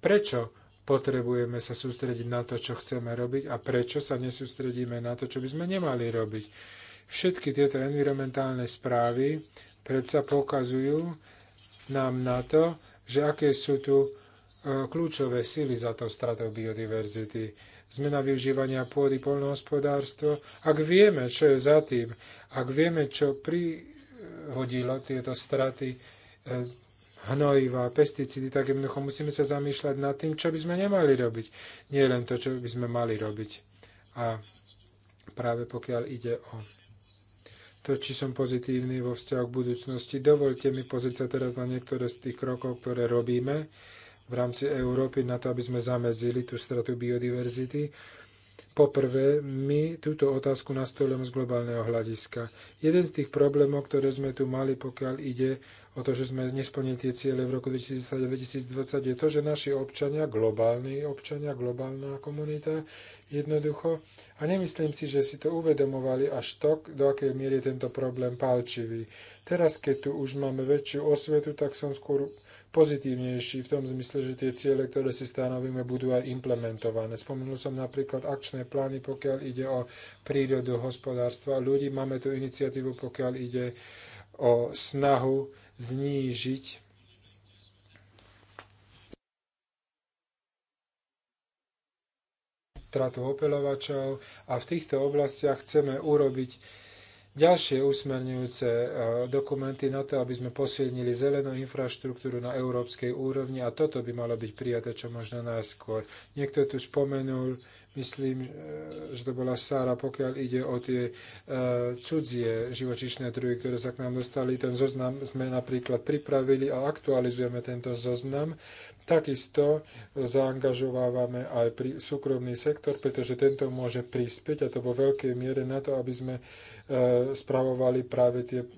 Prečo potrebujeme sa sústrediť na to, čo chceme robiť a prečo sa nesústredíme na to, čo by sme nemali robiť. Všetky tieto environmentálne správy predsa pokazujú nám na to, že aké sú tu e, kľúčové sily za tou stratou biodiverzity. Zmena využívania pôdy, polnohospodárstvo. Ak vieme, čo je za tým, ak vieme, čo pri, vodilo tieto straty e, hnojiva, pesticídy, tak jednoducho musíme sa zamýšľať nad tým, čo by sme nemali robiť. Nie len to, čo by sme mali robiť. A práve pokiaľ ide o to, či som pozitívny vo vzťahu k budúcnosti, dovolte mi pozrieť sa teraz na niektoré z tých krokov, ktoré robíme v rámci Európy na to, aby sme zamedzili tú stratu biodiverzity Poprvé, my túto otázku nastolujeme z globálneho hľadiska. Jeden z tých problémov, ktoré sme tu mali, pokiaľ ide o to, že sme nesplnili tie ciele v roku 2010-2020, je to, že naši občania, globálni občania, globálna komunita, jednoducho, a nemyslím si, že si to uvedomovali až to, do akej miery je tento problém palčivý. Teraz, keď tu už máme väčšiu osvetu, tak som skôr pozitívnejší v tom zmysle, že tie ciele, ktoré si stanovíme, budú aj implementované. Spomenul som napríklad akčné plány, pokiaľ ide o prírodu hospodárstva ľudí. Máme tu iniciatívu, pokiaľ ide o snahu znížiť stratu opeľovačov a v týchto oblastiach chceme urobiť ďalšie usmerňujúce e, dokumenty na to, aby sme posilnili zelenú infraštruktúru na európskej úrovni a toto by malo byť prijaté čo možno najskôr. Niekto tu spomenul, myslím, e, že to bola Sára, pokiaľ ide o tie e, cudzie živočišné druhy, ktoré sa k nám dostali. Ten zoznam sme napríklad pripravili a aktualizujeme tento zoznam Takisto zaangažovávame aj pri súkromný sektor, pretože tento môže prispieť a to vo veľkej miere na to, aby sme e, spravovali práve tie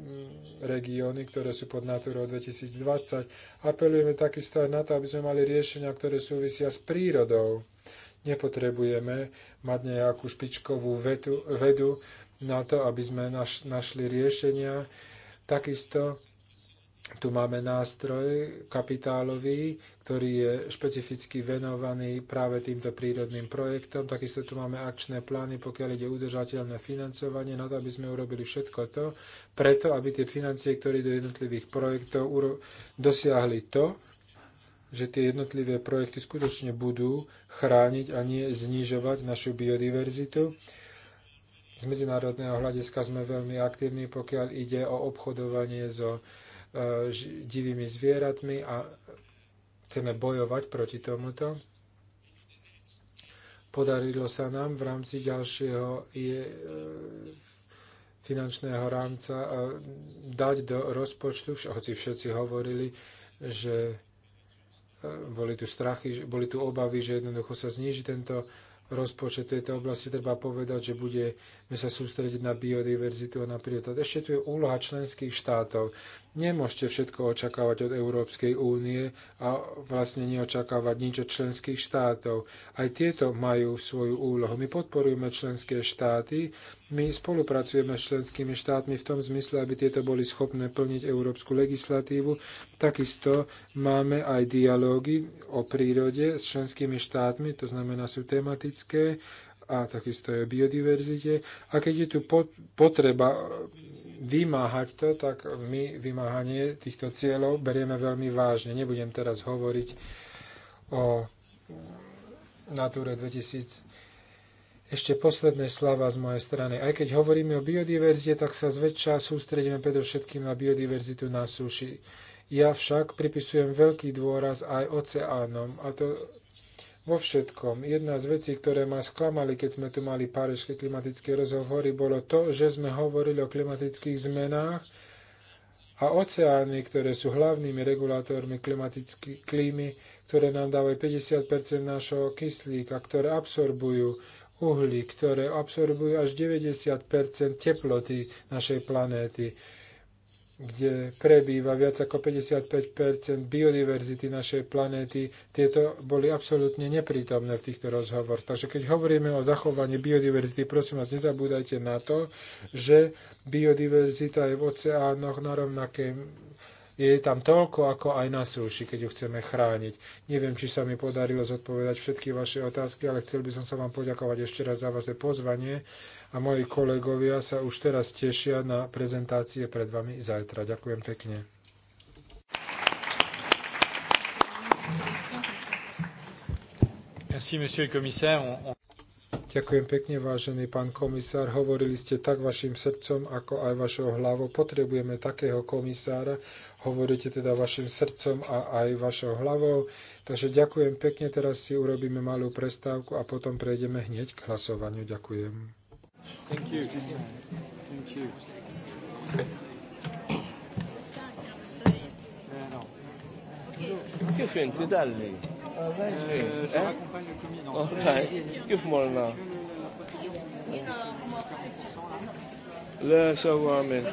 regióny, ktoré sú pod Natúrou 2020. Apelujeme takisto aj na to, aby sme mali riešenia, ktoré súvisia s prírodou. Nepotrebujeme mať nejakú špičkovú vedu, vedu na to, aby sme našli riešenia. Takisto tu máme nástroj kapitálový, ktorý je špecificky venovaný práve týmto prírodným projektom. Takisto tu máme akčné plány, pokiaľ ide udržateľné financovanie, na to, aby sme urobili všetko to, preto, aby tie financie, ktoré do jednotlivých projektov dosiahli to, že tie jednotlivé projekty skutočne budú chrániť a nie znižovať našu biodiverzitu. Z medzinárodného hľadiska sme veľmi aktívni, pokiaľ ide o obchodovanie so E, divými zvieratmi a chceme bojovať proti tomuto. Podarilo sa nám v rámci ďalšieho je, e, finančného rámca e, dať do rozpočtu, hoci všetci hovorili, že boli tu strachy, boli tu obavy, že jednoducho sa zniží tento rozpočet tejto oblasti, treba povedať, že budeme sa sústrediť na biodiverzitu a na prírodu. Ešte tu je úloha členských štátov. Nemôžete všetko očakávať od Európskej únie a vlastne neočakávať nič od členských štátov. Aj tieto majú svoju úlohu. My podporujeme členské štáty, my spolupracujeme s členskými štátmi v tom zmysle, aby tieto boli schopné plniť európsku legislatívu. Takisto máme aj dialógy o prírode s členskými štátmi, to znamená sú tematické a takisto aj o biodiverzite. A keď je tu potreba e, vymáhať to, tak my vymáhanie týchto cieľov berieme veľmi vážne. Nebudem teraz hovoriť o Natúre 2000 ešte posledné slava z mojej strany. Aj keď hovoríme o biodiverzite, tak sa zväčša sústredíme predovšetkým na biodiverzitu na suši. Ja však pripisujem veľký dôraz aj oceánom, a to vo všetkom. Jedna z vecí, ktoré ma sklamali, keď sme tu mali párežské klimatické rozhovory, bolo to, že sme hovorili o klimatických zmenách a oceány, ktoré sú hlavnými regulátormi klimatickej klímy, ktoré nám dávajú 50 nášho kyslíka, ktoré absorbujú uhlí, ktoré absorbujú až 90 teploty našej planéty kde prebýva viac ako 55 biodiverzity našej planéty, tieto boli absolútne neprítomné v týchto rozhovoroch. Takže keď hovoríme o zachovaní biodiverzity, prosím vás, nezabúdajte na to, že biodiverzita je v oceánoch na rovnakej je tam toľko, ako aj na súši, keď ju chceme chrániť. Neviem, či sa mi podarilo zodpovedať všetky vaše otázky, ale chcel by som sa vám poďakovať ešte raz za vaše pozvanie a moji kolegovia sa už teraz tešia na prezentácie pred vami zajtra. Ďakujem pekne. Merci, monsieur le commissaire. Ďakujem pekne, vážený pán komisár. Hovorili ste tak vašim srdcom, ako aj vašou hlavou. Potrebujeme takého komisára. Hovoríte teda vašim srdcom a aj vašou hlavou. Takže ďakujem pekne. Teraz si urobíme malú prestávku a potom prejdeme hneď k hlasovaniu. Ďakujem. Thank you. Thank you. Que Je raccompagne Kif inti dalli? Eh, eh, eh, kif morna? لا سوى عمل.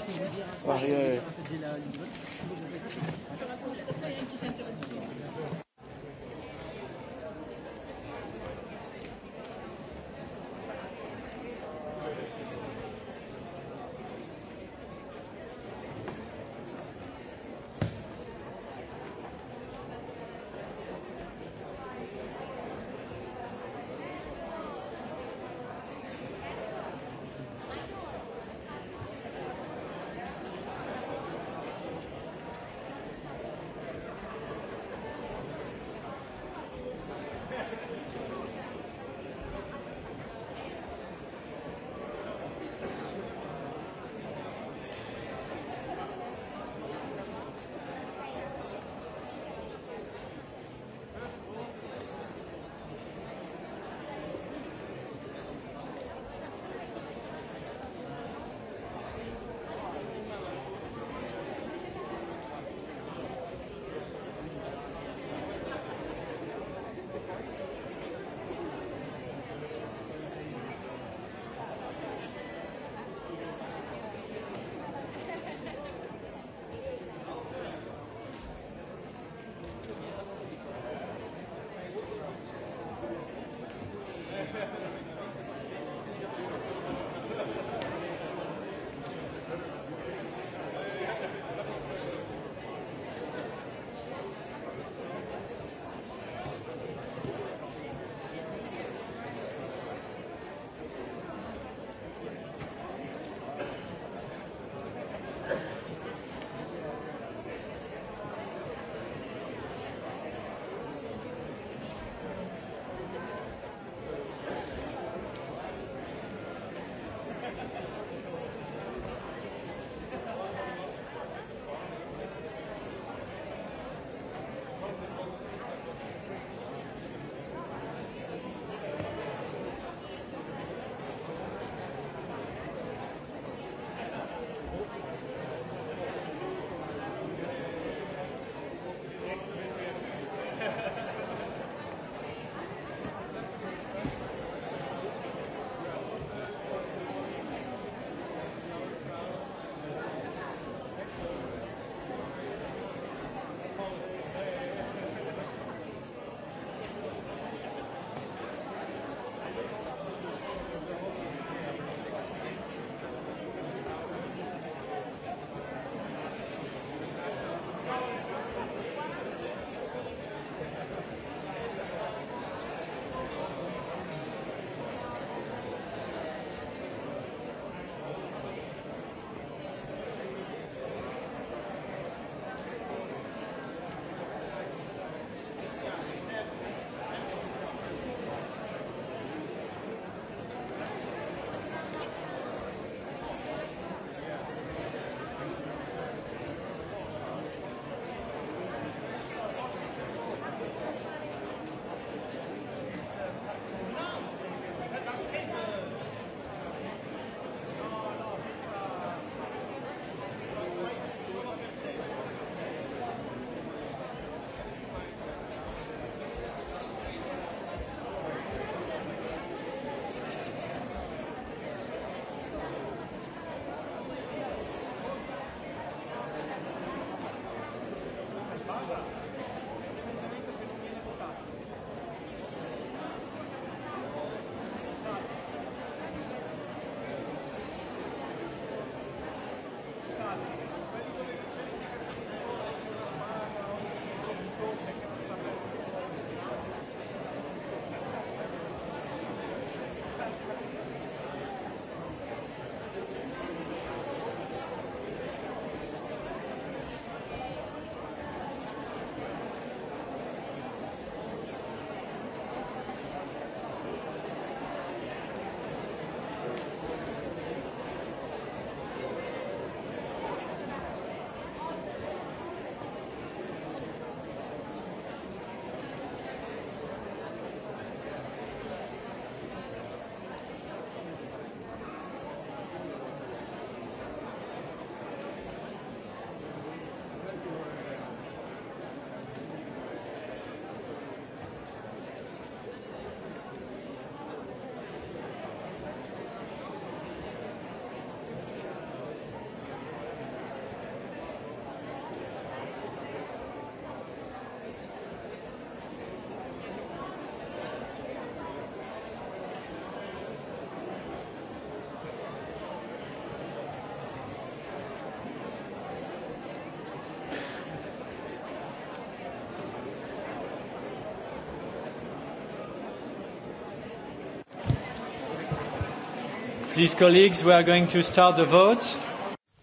Please, colleagues, we are going to start the vote.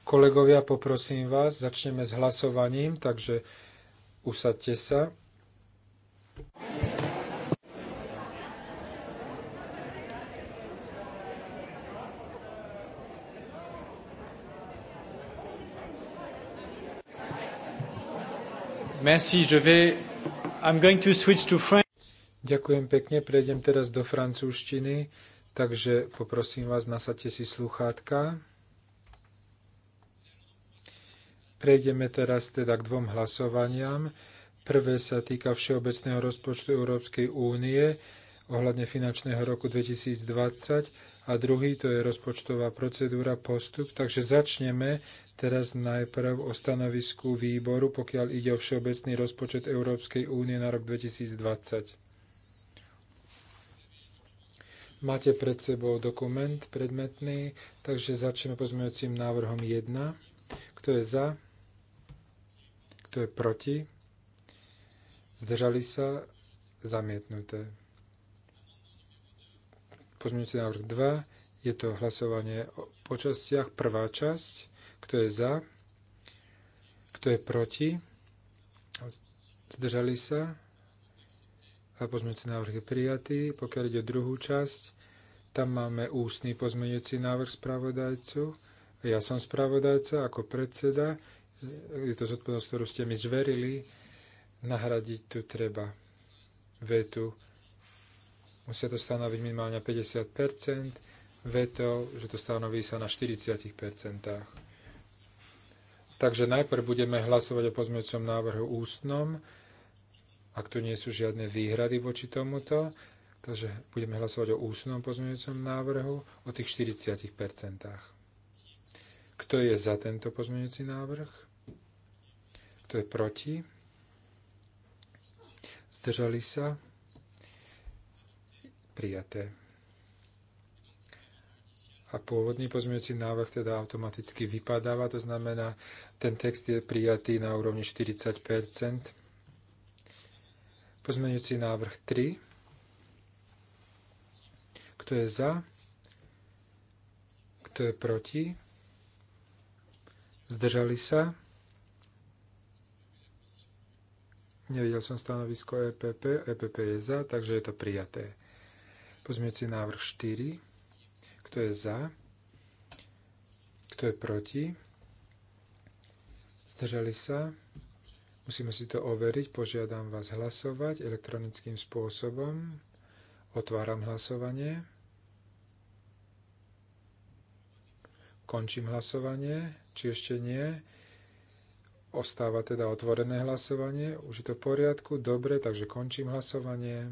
Kolegovia, poprosím vás, začneme s hlasovaním, takže usadte sa. Merci, je vais... I'm going to switch to French. Ďakujem pekne, prejdem teraz do francúzštiny. Takže poprosím vás, nasadte si sluchátka. Prejdeme teraz teda k dvom hlasovaniam. Prvé sa týka Všeobecného rozpočtu Európskej únie ohľadne finančného roku 2020 a druhý to je rozpočtová procedúra, postup. Takže začneme teraz najprv o stanovisku výboru, pokiaľ ide o Všeobecný rozpočet Európskej únie na rok 2020. Máte pred sebou dokument predmetný, takže začneme pozmeňujúcim návrhom 1. Kto je za? Kto je proti? Zdržali sa? Zamietnuté. Pozmeňujúci návrh 2. Je to hlasovanie o počastiach. Prvá časť. Kto je za? Kto je proti? Zdržali sa? Pozmeňujúci návrh je prijatý. Pokiaľ ide o druhú časť, tam máme ústny pozmeňujúci návrh spravodajcu. Ja som spravodajca ako predseda. Je to zodpovednosť, ktorú ste mi zverili. Nahradiť tu treba vetu. Musia to stanoviť minimálne 50 veto, že to stanoví sa na 40 Takže najprv budeme hlasovať o pozmeňujúcom návrhu ústnom ak tu nie sú žiadne výhrady voči tomuto, takže budeme hlasovať o úsnom pozmeňujúcom návrhu o tých 40 Kto je za tento pozmeňujúci návrh? Kto je proti? Zdržali sa? Prijaté. A pôvodný pozmeňujúci návrh teda automaticky vypadáva, to znamená, ten text je prijatý na úrovni 40 Pozmeňujúci návrh 3. Kto je za? Kto je proti? Zdržali sa? Nevidel som stanovisko EPP. EPP je za, takže je to prijaté. Pozmeňujúci návrh 4. Kto je za? Kto je proti? Zdržali sa? Musíme si to overiť. Požiadam vás hlasovať elektronickým spôsobom. Otváram hlasovanie. Končím hlasovanie, či ešte nie. Ostáva teda otvorené hlasovanie. Už je to v poriadku. Dobre, takže končím hlasovanie.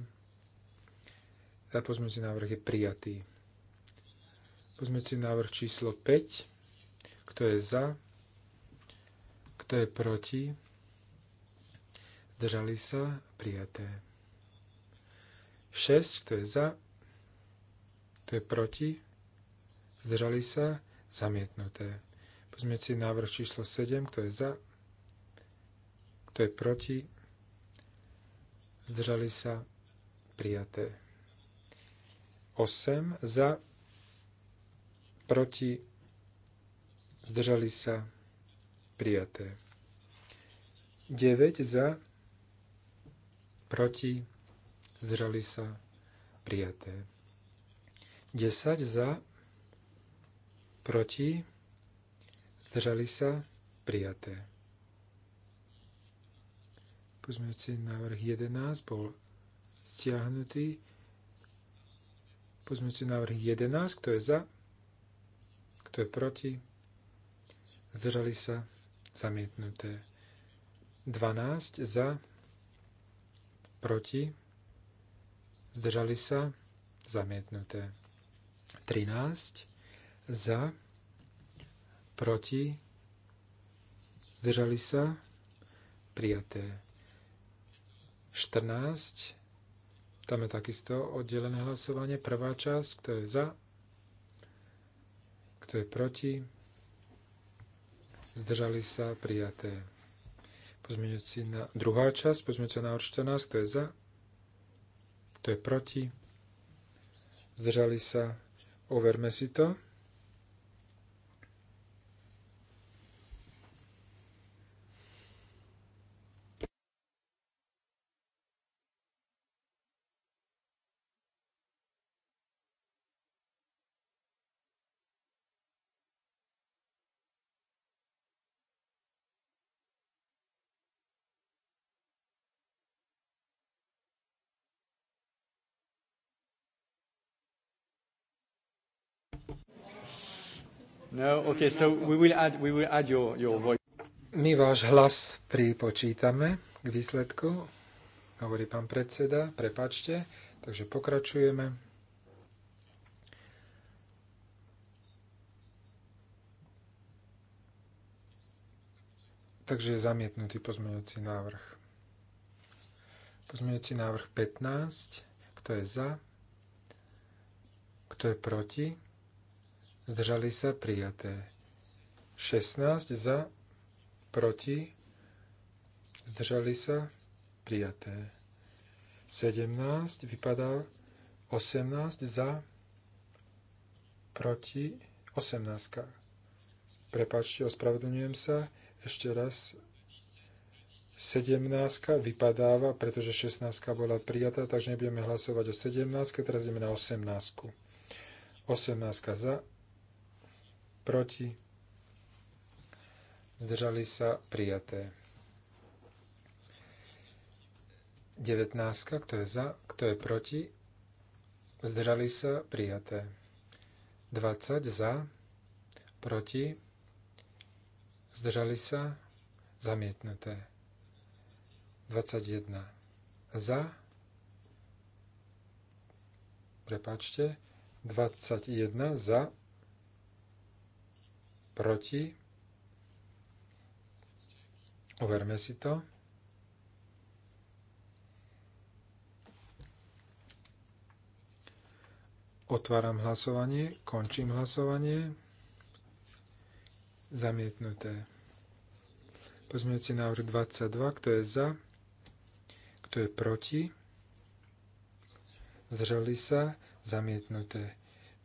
A pozmeňujúci návrh je prijatý. Pozmeňujúci návrh číslo 5. Kto je za? Kto je proti? zdržali sa, prijaté. 6, kto je za, kto je proti, zdržali sa, zamietnuté. Pozme si návrh číslo 7, kto je za, kto je proti, zdržali sa, prijaté. 8 za, proti, zdržali sa, prijaté. 9 za, proti, zdržali sa, prijaté. 10 za, proti, zdržali sa, prijaté. Pozmeňujúci návrh 11 bol stiahnutý. Pozmeňujúci návrh 11, kto je za, kto je proti, zdržali sa, zamietnuté. 12 za, proti, zdržali sa, zamietnuté. 13 za, proti, zdržali sa, prijaté. 14, tam je takisto oddelené hlasovanie, prvá časť, kto je za, kto je proti, zdržali sa, prijaté. Pozmeňujúci na druhá časť, pozmeňujúci na 14, kto je za, kto je proti. Zdržali sa, overme si to. No, okay, so we will add, we will add your, your voice. My váš hlas pripočítame k výsledku, hovorí pán predseda, prepačte, takže pokračujeme. Takže je zamietnutý pozmeňujúci návrh. Pozmeňujúci návrh 15. Kto je za? Kto je proti? zdržali sa prijaté. 16 za, proti, zdržali sa prijaté. 17 vypadá 18 za, proti, 18. Prepačte, ospravedlňujem sa. Ešte raz 17 vypadáva, pretože 16 bola prijatá, takže nebudeme hlasovať o 17, teraz ideme na 18. 18 za, proti, zdržali sa prijaté. 19, kto je za, kto je proti, zdržali sa prijaté. 20 za, proti, zdržali sa zamietnuté. 21 za, prepačte, 21 za, proti. Overme si to. Otváram hlasovanie, končím hlasovanie. Zamietnuté. Pozmeňujúci návrh 22, kto je za, kto je proti. Zdržali sa, zamietnuté.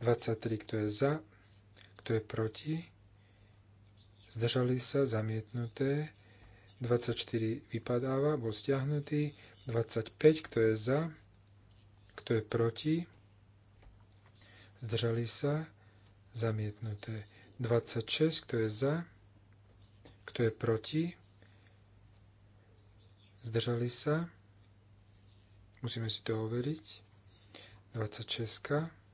23, kto je za, kto je proti zdržali sa, zamietnuté, 24 vypadáva, bol stiahnutý, 25, kto je za, kto je proti, zdržali sa, zamietnuté, 26, kto je za, kto je proti, zdržali sa, musíme si to overiť, 26,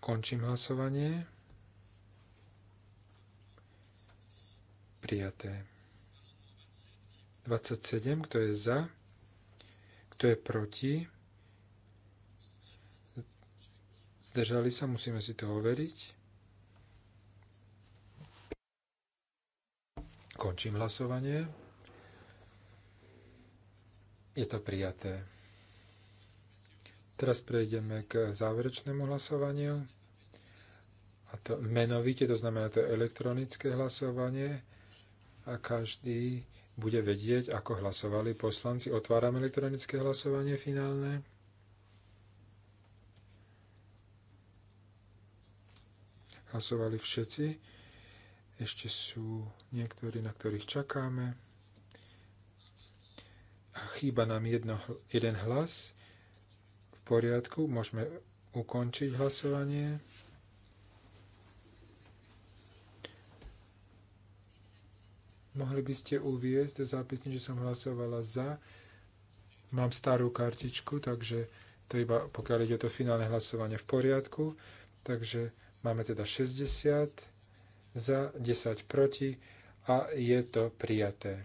Končím hlasovanie. Prijaté. 27, kto je za, kto je proti. Zdržali sa, musíme si to overiť. Končím hlasovanie. Je to prijaté. Teraz prejdeme k záverečnému hlasovaniu. A to menovite, to znamená to elektronické hlasovanie. A každý bude vedieť, ako hlasovali poslanci. Otváram elektronické hlasovanie finálne. Hlasovali všetci. Ešte sú niektorí, na ktorých čakáme. A chýba nám jedno, jeden hlas poriadku, môžeme ukončiť hlasovanie. Mohli by ste uviezť do zápisnice, že som hlasovala za. Mám starú kartičku, takže to iba pokiaľ ide o to finálne hlasovanie v poriadku. Takže máme teda 60 za, 10 proti a je to prijaté.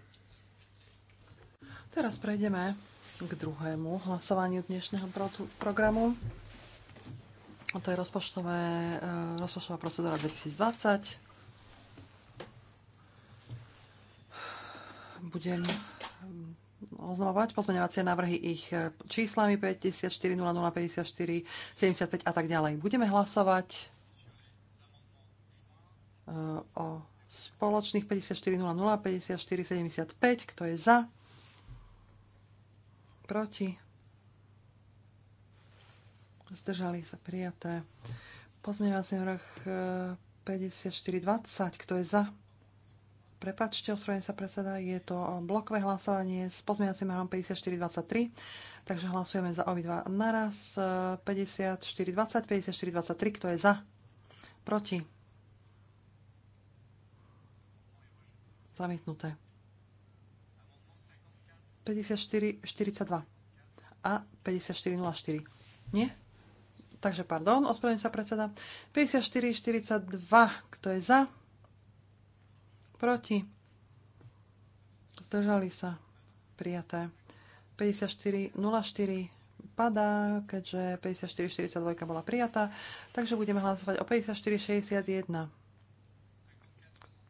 Teraz prejdeme k druhému hlasovaniu dnešného pro programu. A to je rozpočtové, e, rozpočtová procedúra 2020. Budem mm, oznamovať pozmeňovacie návrhy ich e, číslami 54, 00, 54, 75 a tak ďalej. Budeme hlasovať e, o spoločných 54, 00, 54, 75. Kto je za? proti, zdržali sa prijaté. Pozmeňovací návrh 5420, eh, kto je za? Prepačte, ospravedlňujem sa predseda, je to blokové hlasovanie s pozmeňovacím návrhom 5423, takže hlasujeme za obidva naraz. 5420, eh, 5423, kto je za? Proti? Zamietnuté. 54.42 a 54.04. Nie? Takže pardon, ospravedlňujem sa predseda. 54.42, kto je za? Proti? Zdržali sa. Prijaté. 54.04 padá, keďže 54.42 bola prijatá, takže budeme hlasovať o 54.61.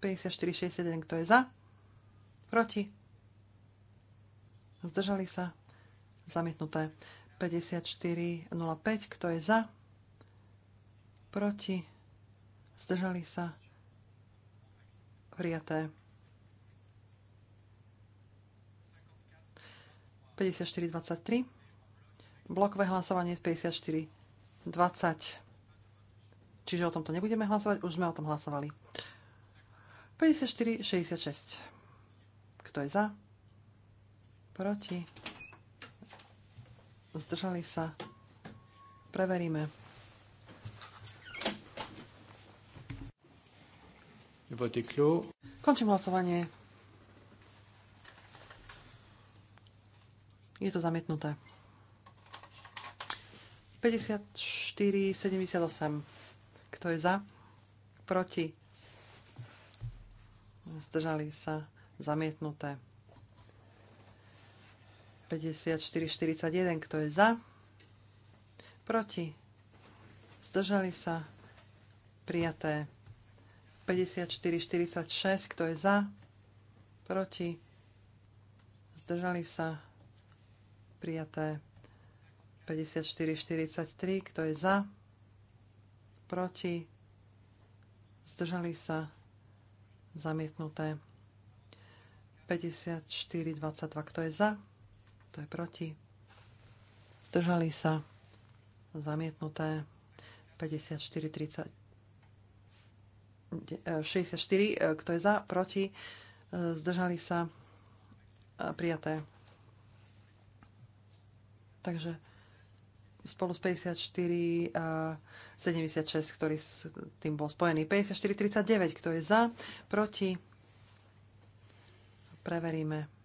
54.61, kto je za? Proti? zdržali sa, zamietnuté 54.05, kto je za, proti, zdržali sa, prijaté 54.23, blokové hlasovanie 54.20, čiže o tomto nebudeme hlasovať, už sme o tom hlasovali. 54.66, kto je za, proti, zdržali sa, preveríme. Končím hlasovanie. Je to zamietnuté. 54,78. Kto je za? Proti? Zdržali sa. Zamietnuté. 54-41, kto je za? Proti? Zdržali sa? Prijaté. 54-46, kto je za? Proti? Zdržali sa? Prijaté. 54-43, kto je za? Proti? Zdržali sa? Zamietnuté. 54-22, kto je za? Kto je proti. Zdržali sa zamietnuté 54, 30, 64, kto je za, proti, e, zdržali sa e, prijaté. Takže spolu s 54 a 76, ktorý s tým bol spojený. 54, 39, kto je za, proti, preveríme.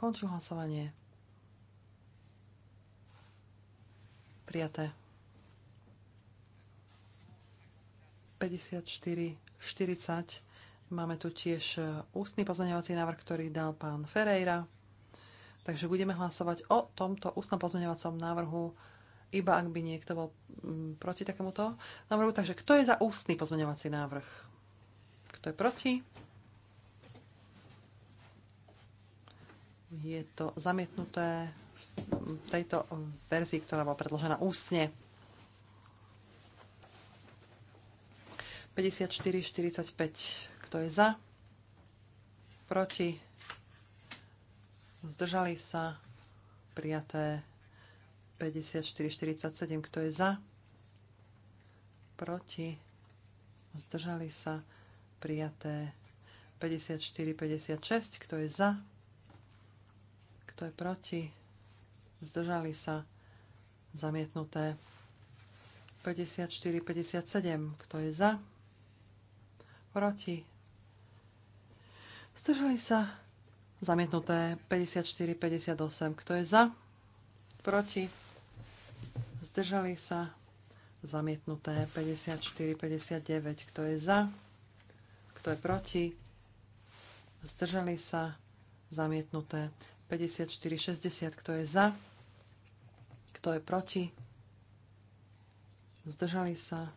Končím hlasovanie. Prijaté. 54, 40. Máme tu tiež e, ústny pozmeňovací návrh, ktorý dal pán Ferreira. Takže budeme hlasovať o tomto ústnom pozmeňovacom návrhu, iba ak by niekto bol mm, proti takémuto návrhu. Takže kto je za ústny pozmeňovací návrh? Kto je proti? Je to zamietnuté v tejto verzii, ktorá bola predložená ústne. 54-45. Kto je za? Proti? Zdržali sa? Prijaté 54-47. Kto je za? Proti? Zdržali sa? Prijaté 54-56. Kto je za? Kto je proti? Zdržali sa. Zamietnuté. 54, 57. Kto je za? Proti. Zdržali sa. Zamietnuté. 54, 58. Kto je za? Proti. Zdržali sa. Zamietnuté. 54, 59. Kto je za? Kto je proti? Zdržali sa. Zamietnuté. 54,60. Kto je za? Kto je proti? Zdržali sa?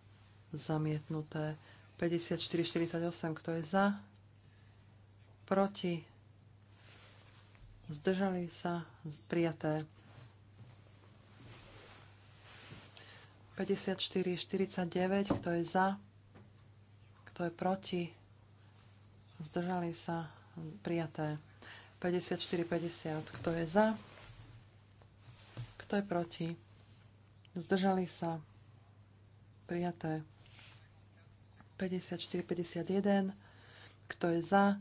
Zamietnuté. 54,48. Kto je za? Proti? Zdržali sa? Prijaté. 54,49. Kto je za? Kto je proti? Zdržali sa? Prijaté. 54-50. Kto je za? Kto je proti? Zdržali sa? Prijaté. 54-51. Kto je za?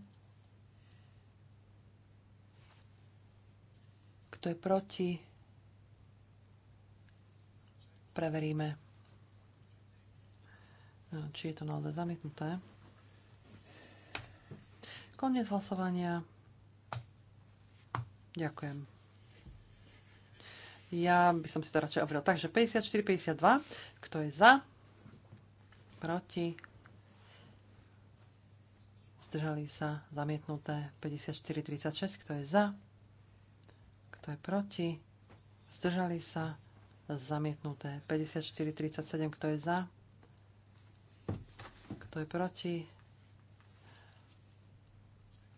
Kto je proti? Preveríme, či je to naozaj zamietnuté. Koniec hlasovania. Ďakujem. Ja by som si to radšej obril. Takže 54, 52. Kto je za? Proti? Zdržali sa zamietnuté 54, 36. Kto je za? Kto je proti? Zdržali sa zamietnuté 54, 37. Kto je za? Kto je proti?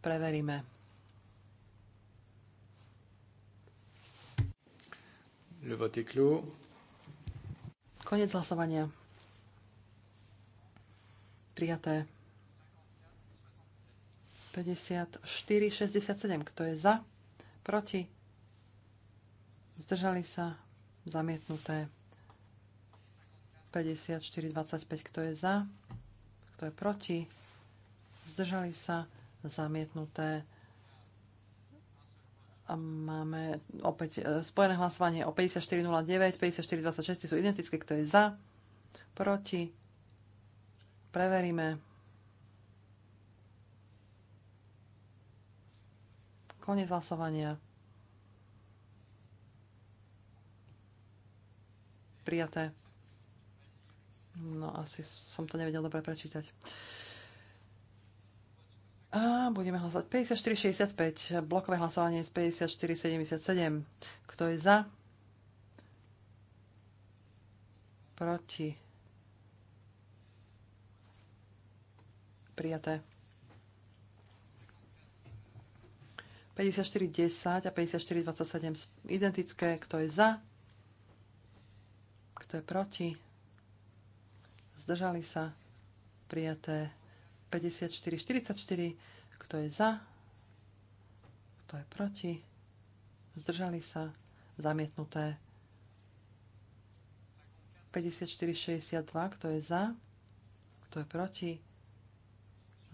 Preveríme. Le vote est clos. Koniec hlasovania. Prijaté. 54, 67. Kto je za? Proti? Zdržali sa? Zamietnuté. 54, 25. Kto je za? Kto je proti? Zdržali sa? Zamietnuté. Máme opäť e, spojené hlasovanie o 5409, 5426 sú identické, kto je za, proti. Preveríme. Konec hlasovania. Prijaté. No asi som to nevedel dobre prečítať. A budeme hlasovať 54-65. Blokové hlasovanie z 54-77. Kto je za? Proti. Prijaté. 54-10 a 54-27 identické. Kto je za? Kto je proti? Zdržali sa? Prijaté. 54, 44. Kto je za? Kto je proti? Zdržali sa? Zamietnuté. 54, 62. Kto je za? Kto je proti?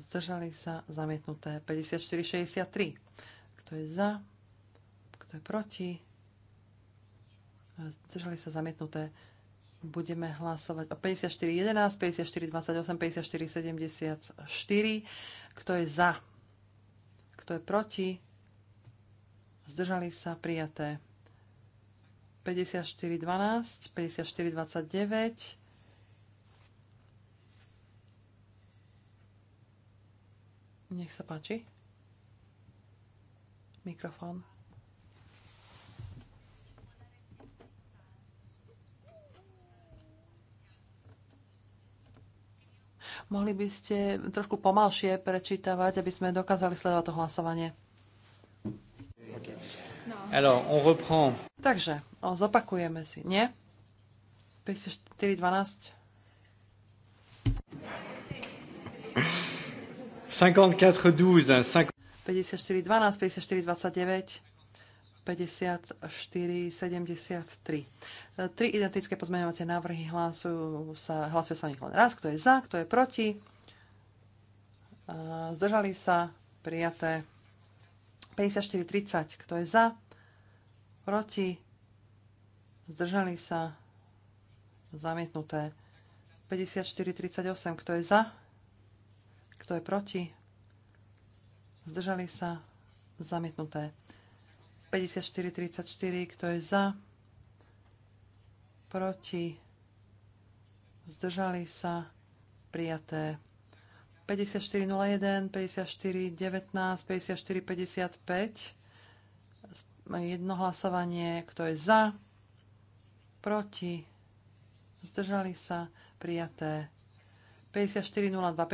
Zdržali sa? Zamietnuté. 54, 63. Kto je za? Kto je proti? Zdržali sa? Zamietnuté budeme hlasovať o 54.11, 54.28, 54.74. Kto je za? Kto je proti? Zdržali sa prijaté. 54.12, 54.29. Nech sa páči. Mikrofón. Mohli by ste trošku pomalšie prečítavať, aby sme dokázali sledovať to hlasovanie. Alors, on reprend. Takže, o, zopakujeme si, nie? 54.12. 54.12, 54.29. 54-73. Tri identické pozmeňovacie návrhy hlasujú sa, hlasuje sa o nich len raz. Kto je za, kto je proti? Zdržali sa prijaté 54-30. Kto je za, proti? Zdržali sa zamietnuté 54-38. Kto je za, kto je proti? Zdržali sa zamietnuté 54-34, kto je za, proti, zdržali sa, prijaté. 54-01, 54-19, 54-55, jedno hlasovanie, kto je za, proti, zdržali sa, prijaté. 54-02,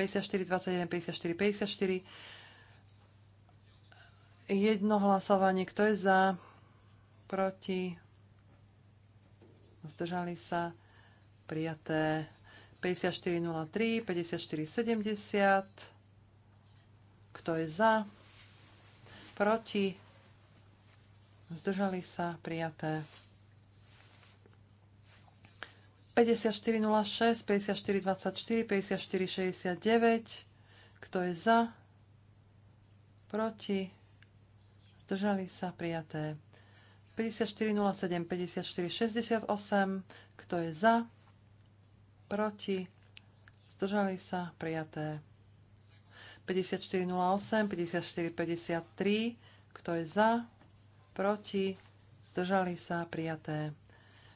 54-21, 54-54, Jedno hlasovanie, kto je za, proti, zdržali sa, prijaté 5403, 5470, kto je za, proti, zdržali sa, prijaté 5406, 5424, 5469, kto je za, proti, zdržali sa prijaté. 5407, 5468, kto je za, proti, zdržali sa prijaté. 5408, 5453, kto je za, proti, zdržali sa prijaté.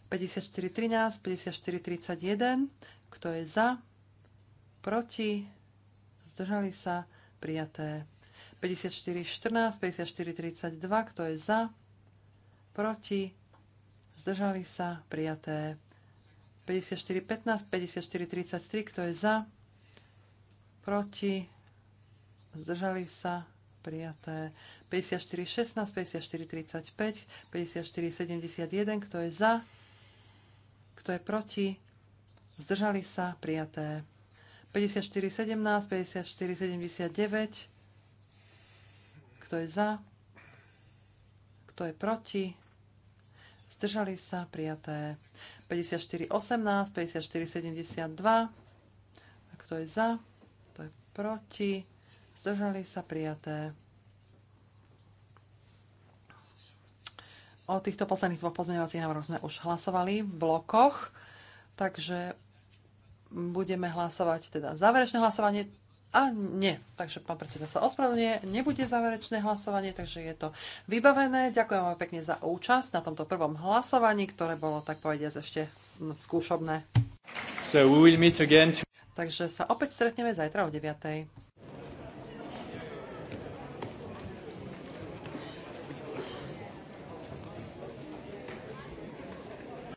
5413, 5431, kto je za, proti, zdržali sa prijaté. 54-14, 54 32, kto je za, proti, zdržali sa, prijaté. 54-15, 54-33, kto je za, proti, zdržali sa, prijaté. 54-16, 54-35, 54-71, kto je za, kto je proti, zdržali sa, prijaté. 54-17, 54-79, kto je za? Kto je proti? Zdržali sa prijaté 54.18, 54.72. Kto je za? Kto je proti? Zdržali sa prijaté. O týchto posledných dvoch pozmeňovacích návrhoch sme už hlasovali v blokoch, takže budeme hlasovať teda záverečné hlasovanie a nie. Takže pán predseda sa ospravedlňuje. Nebude záverečné hlasovanie, takže je to vybavené. Ďakujem vám pekne za účasť na tomto prvom hlasovaní, ktoré bolo, tak povediať, ešte skúšobné. So we will meet again. Takže sa opäť stretneme zajtra o 9.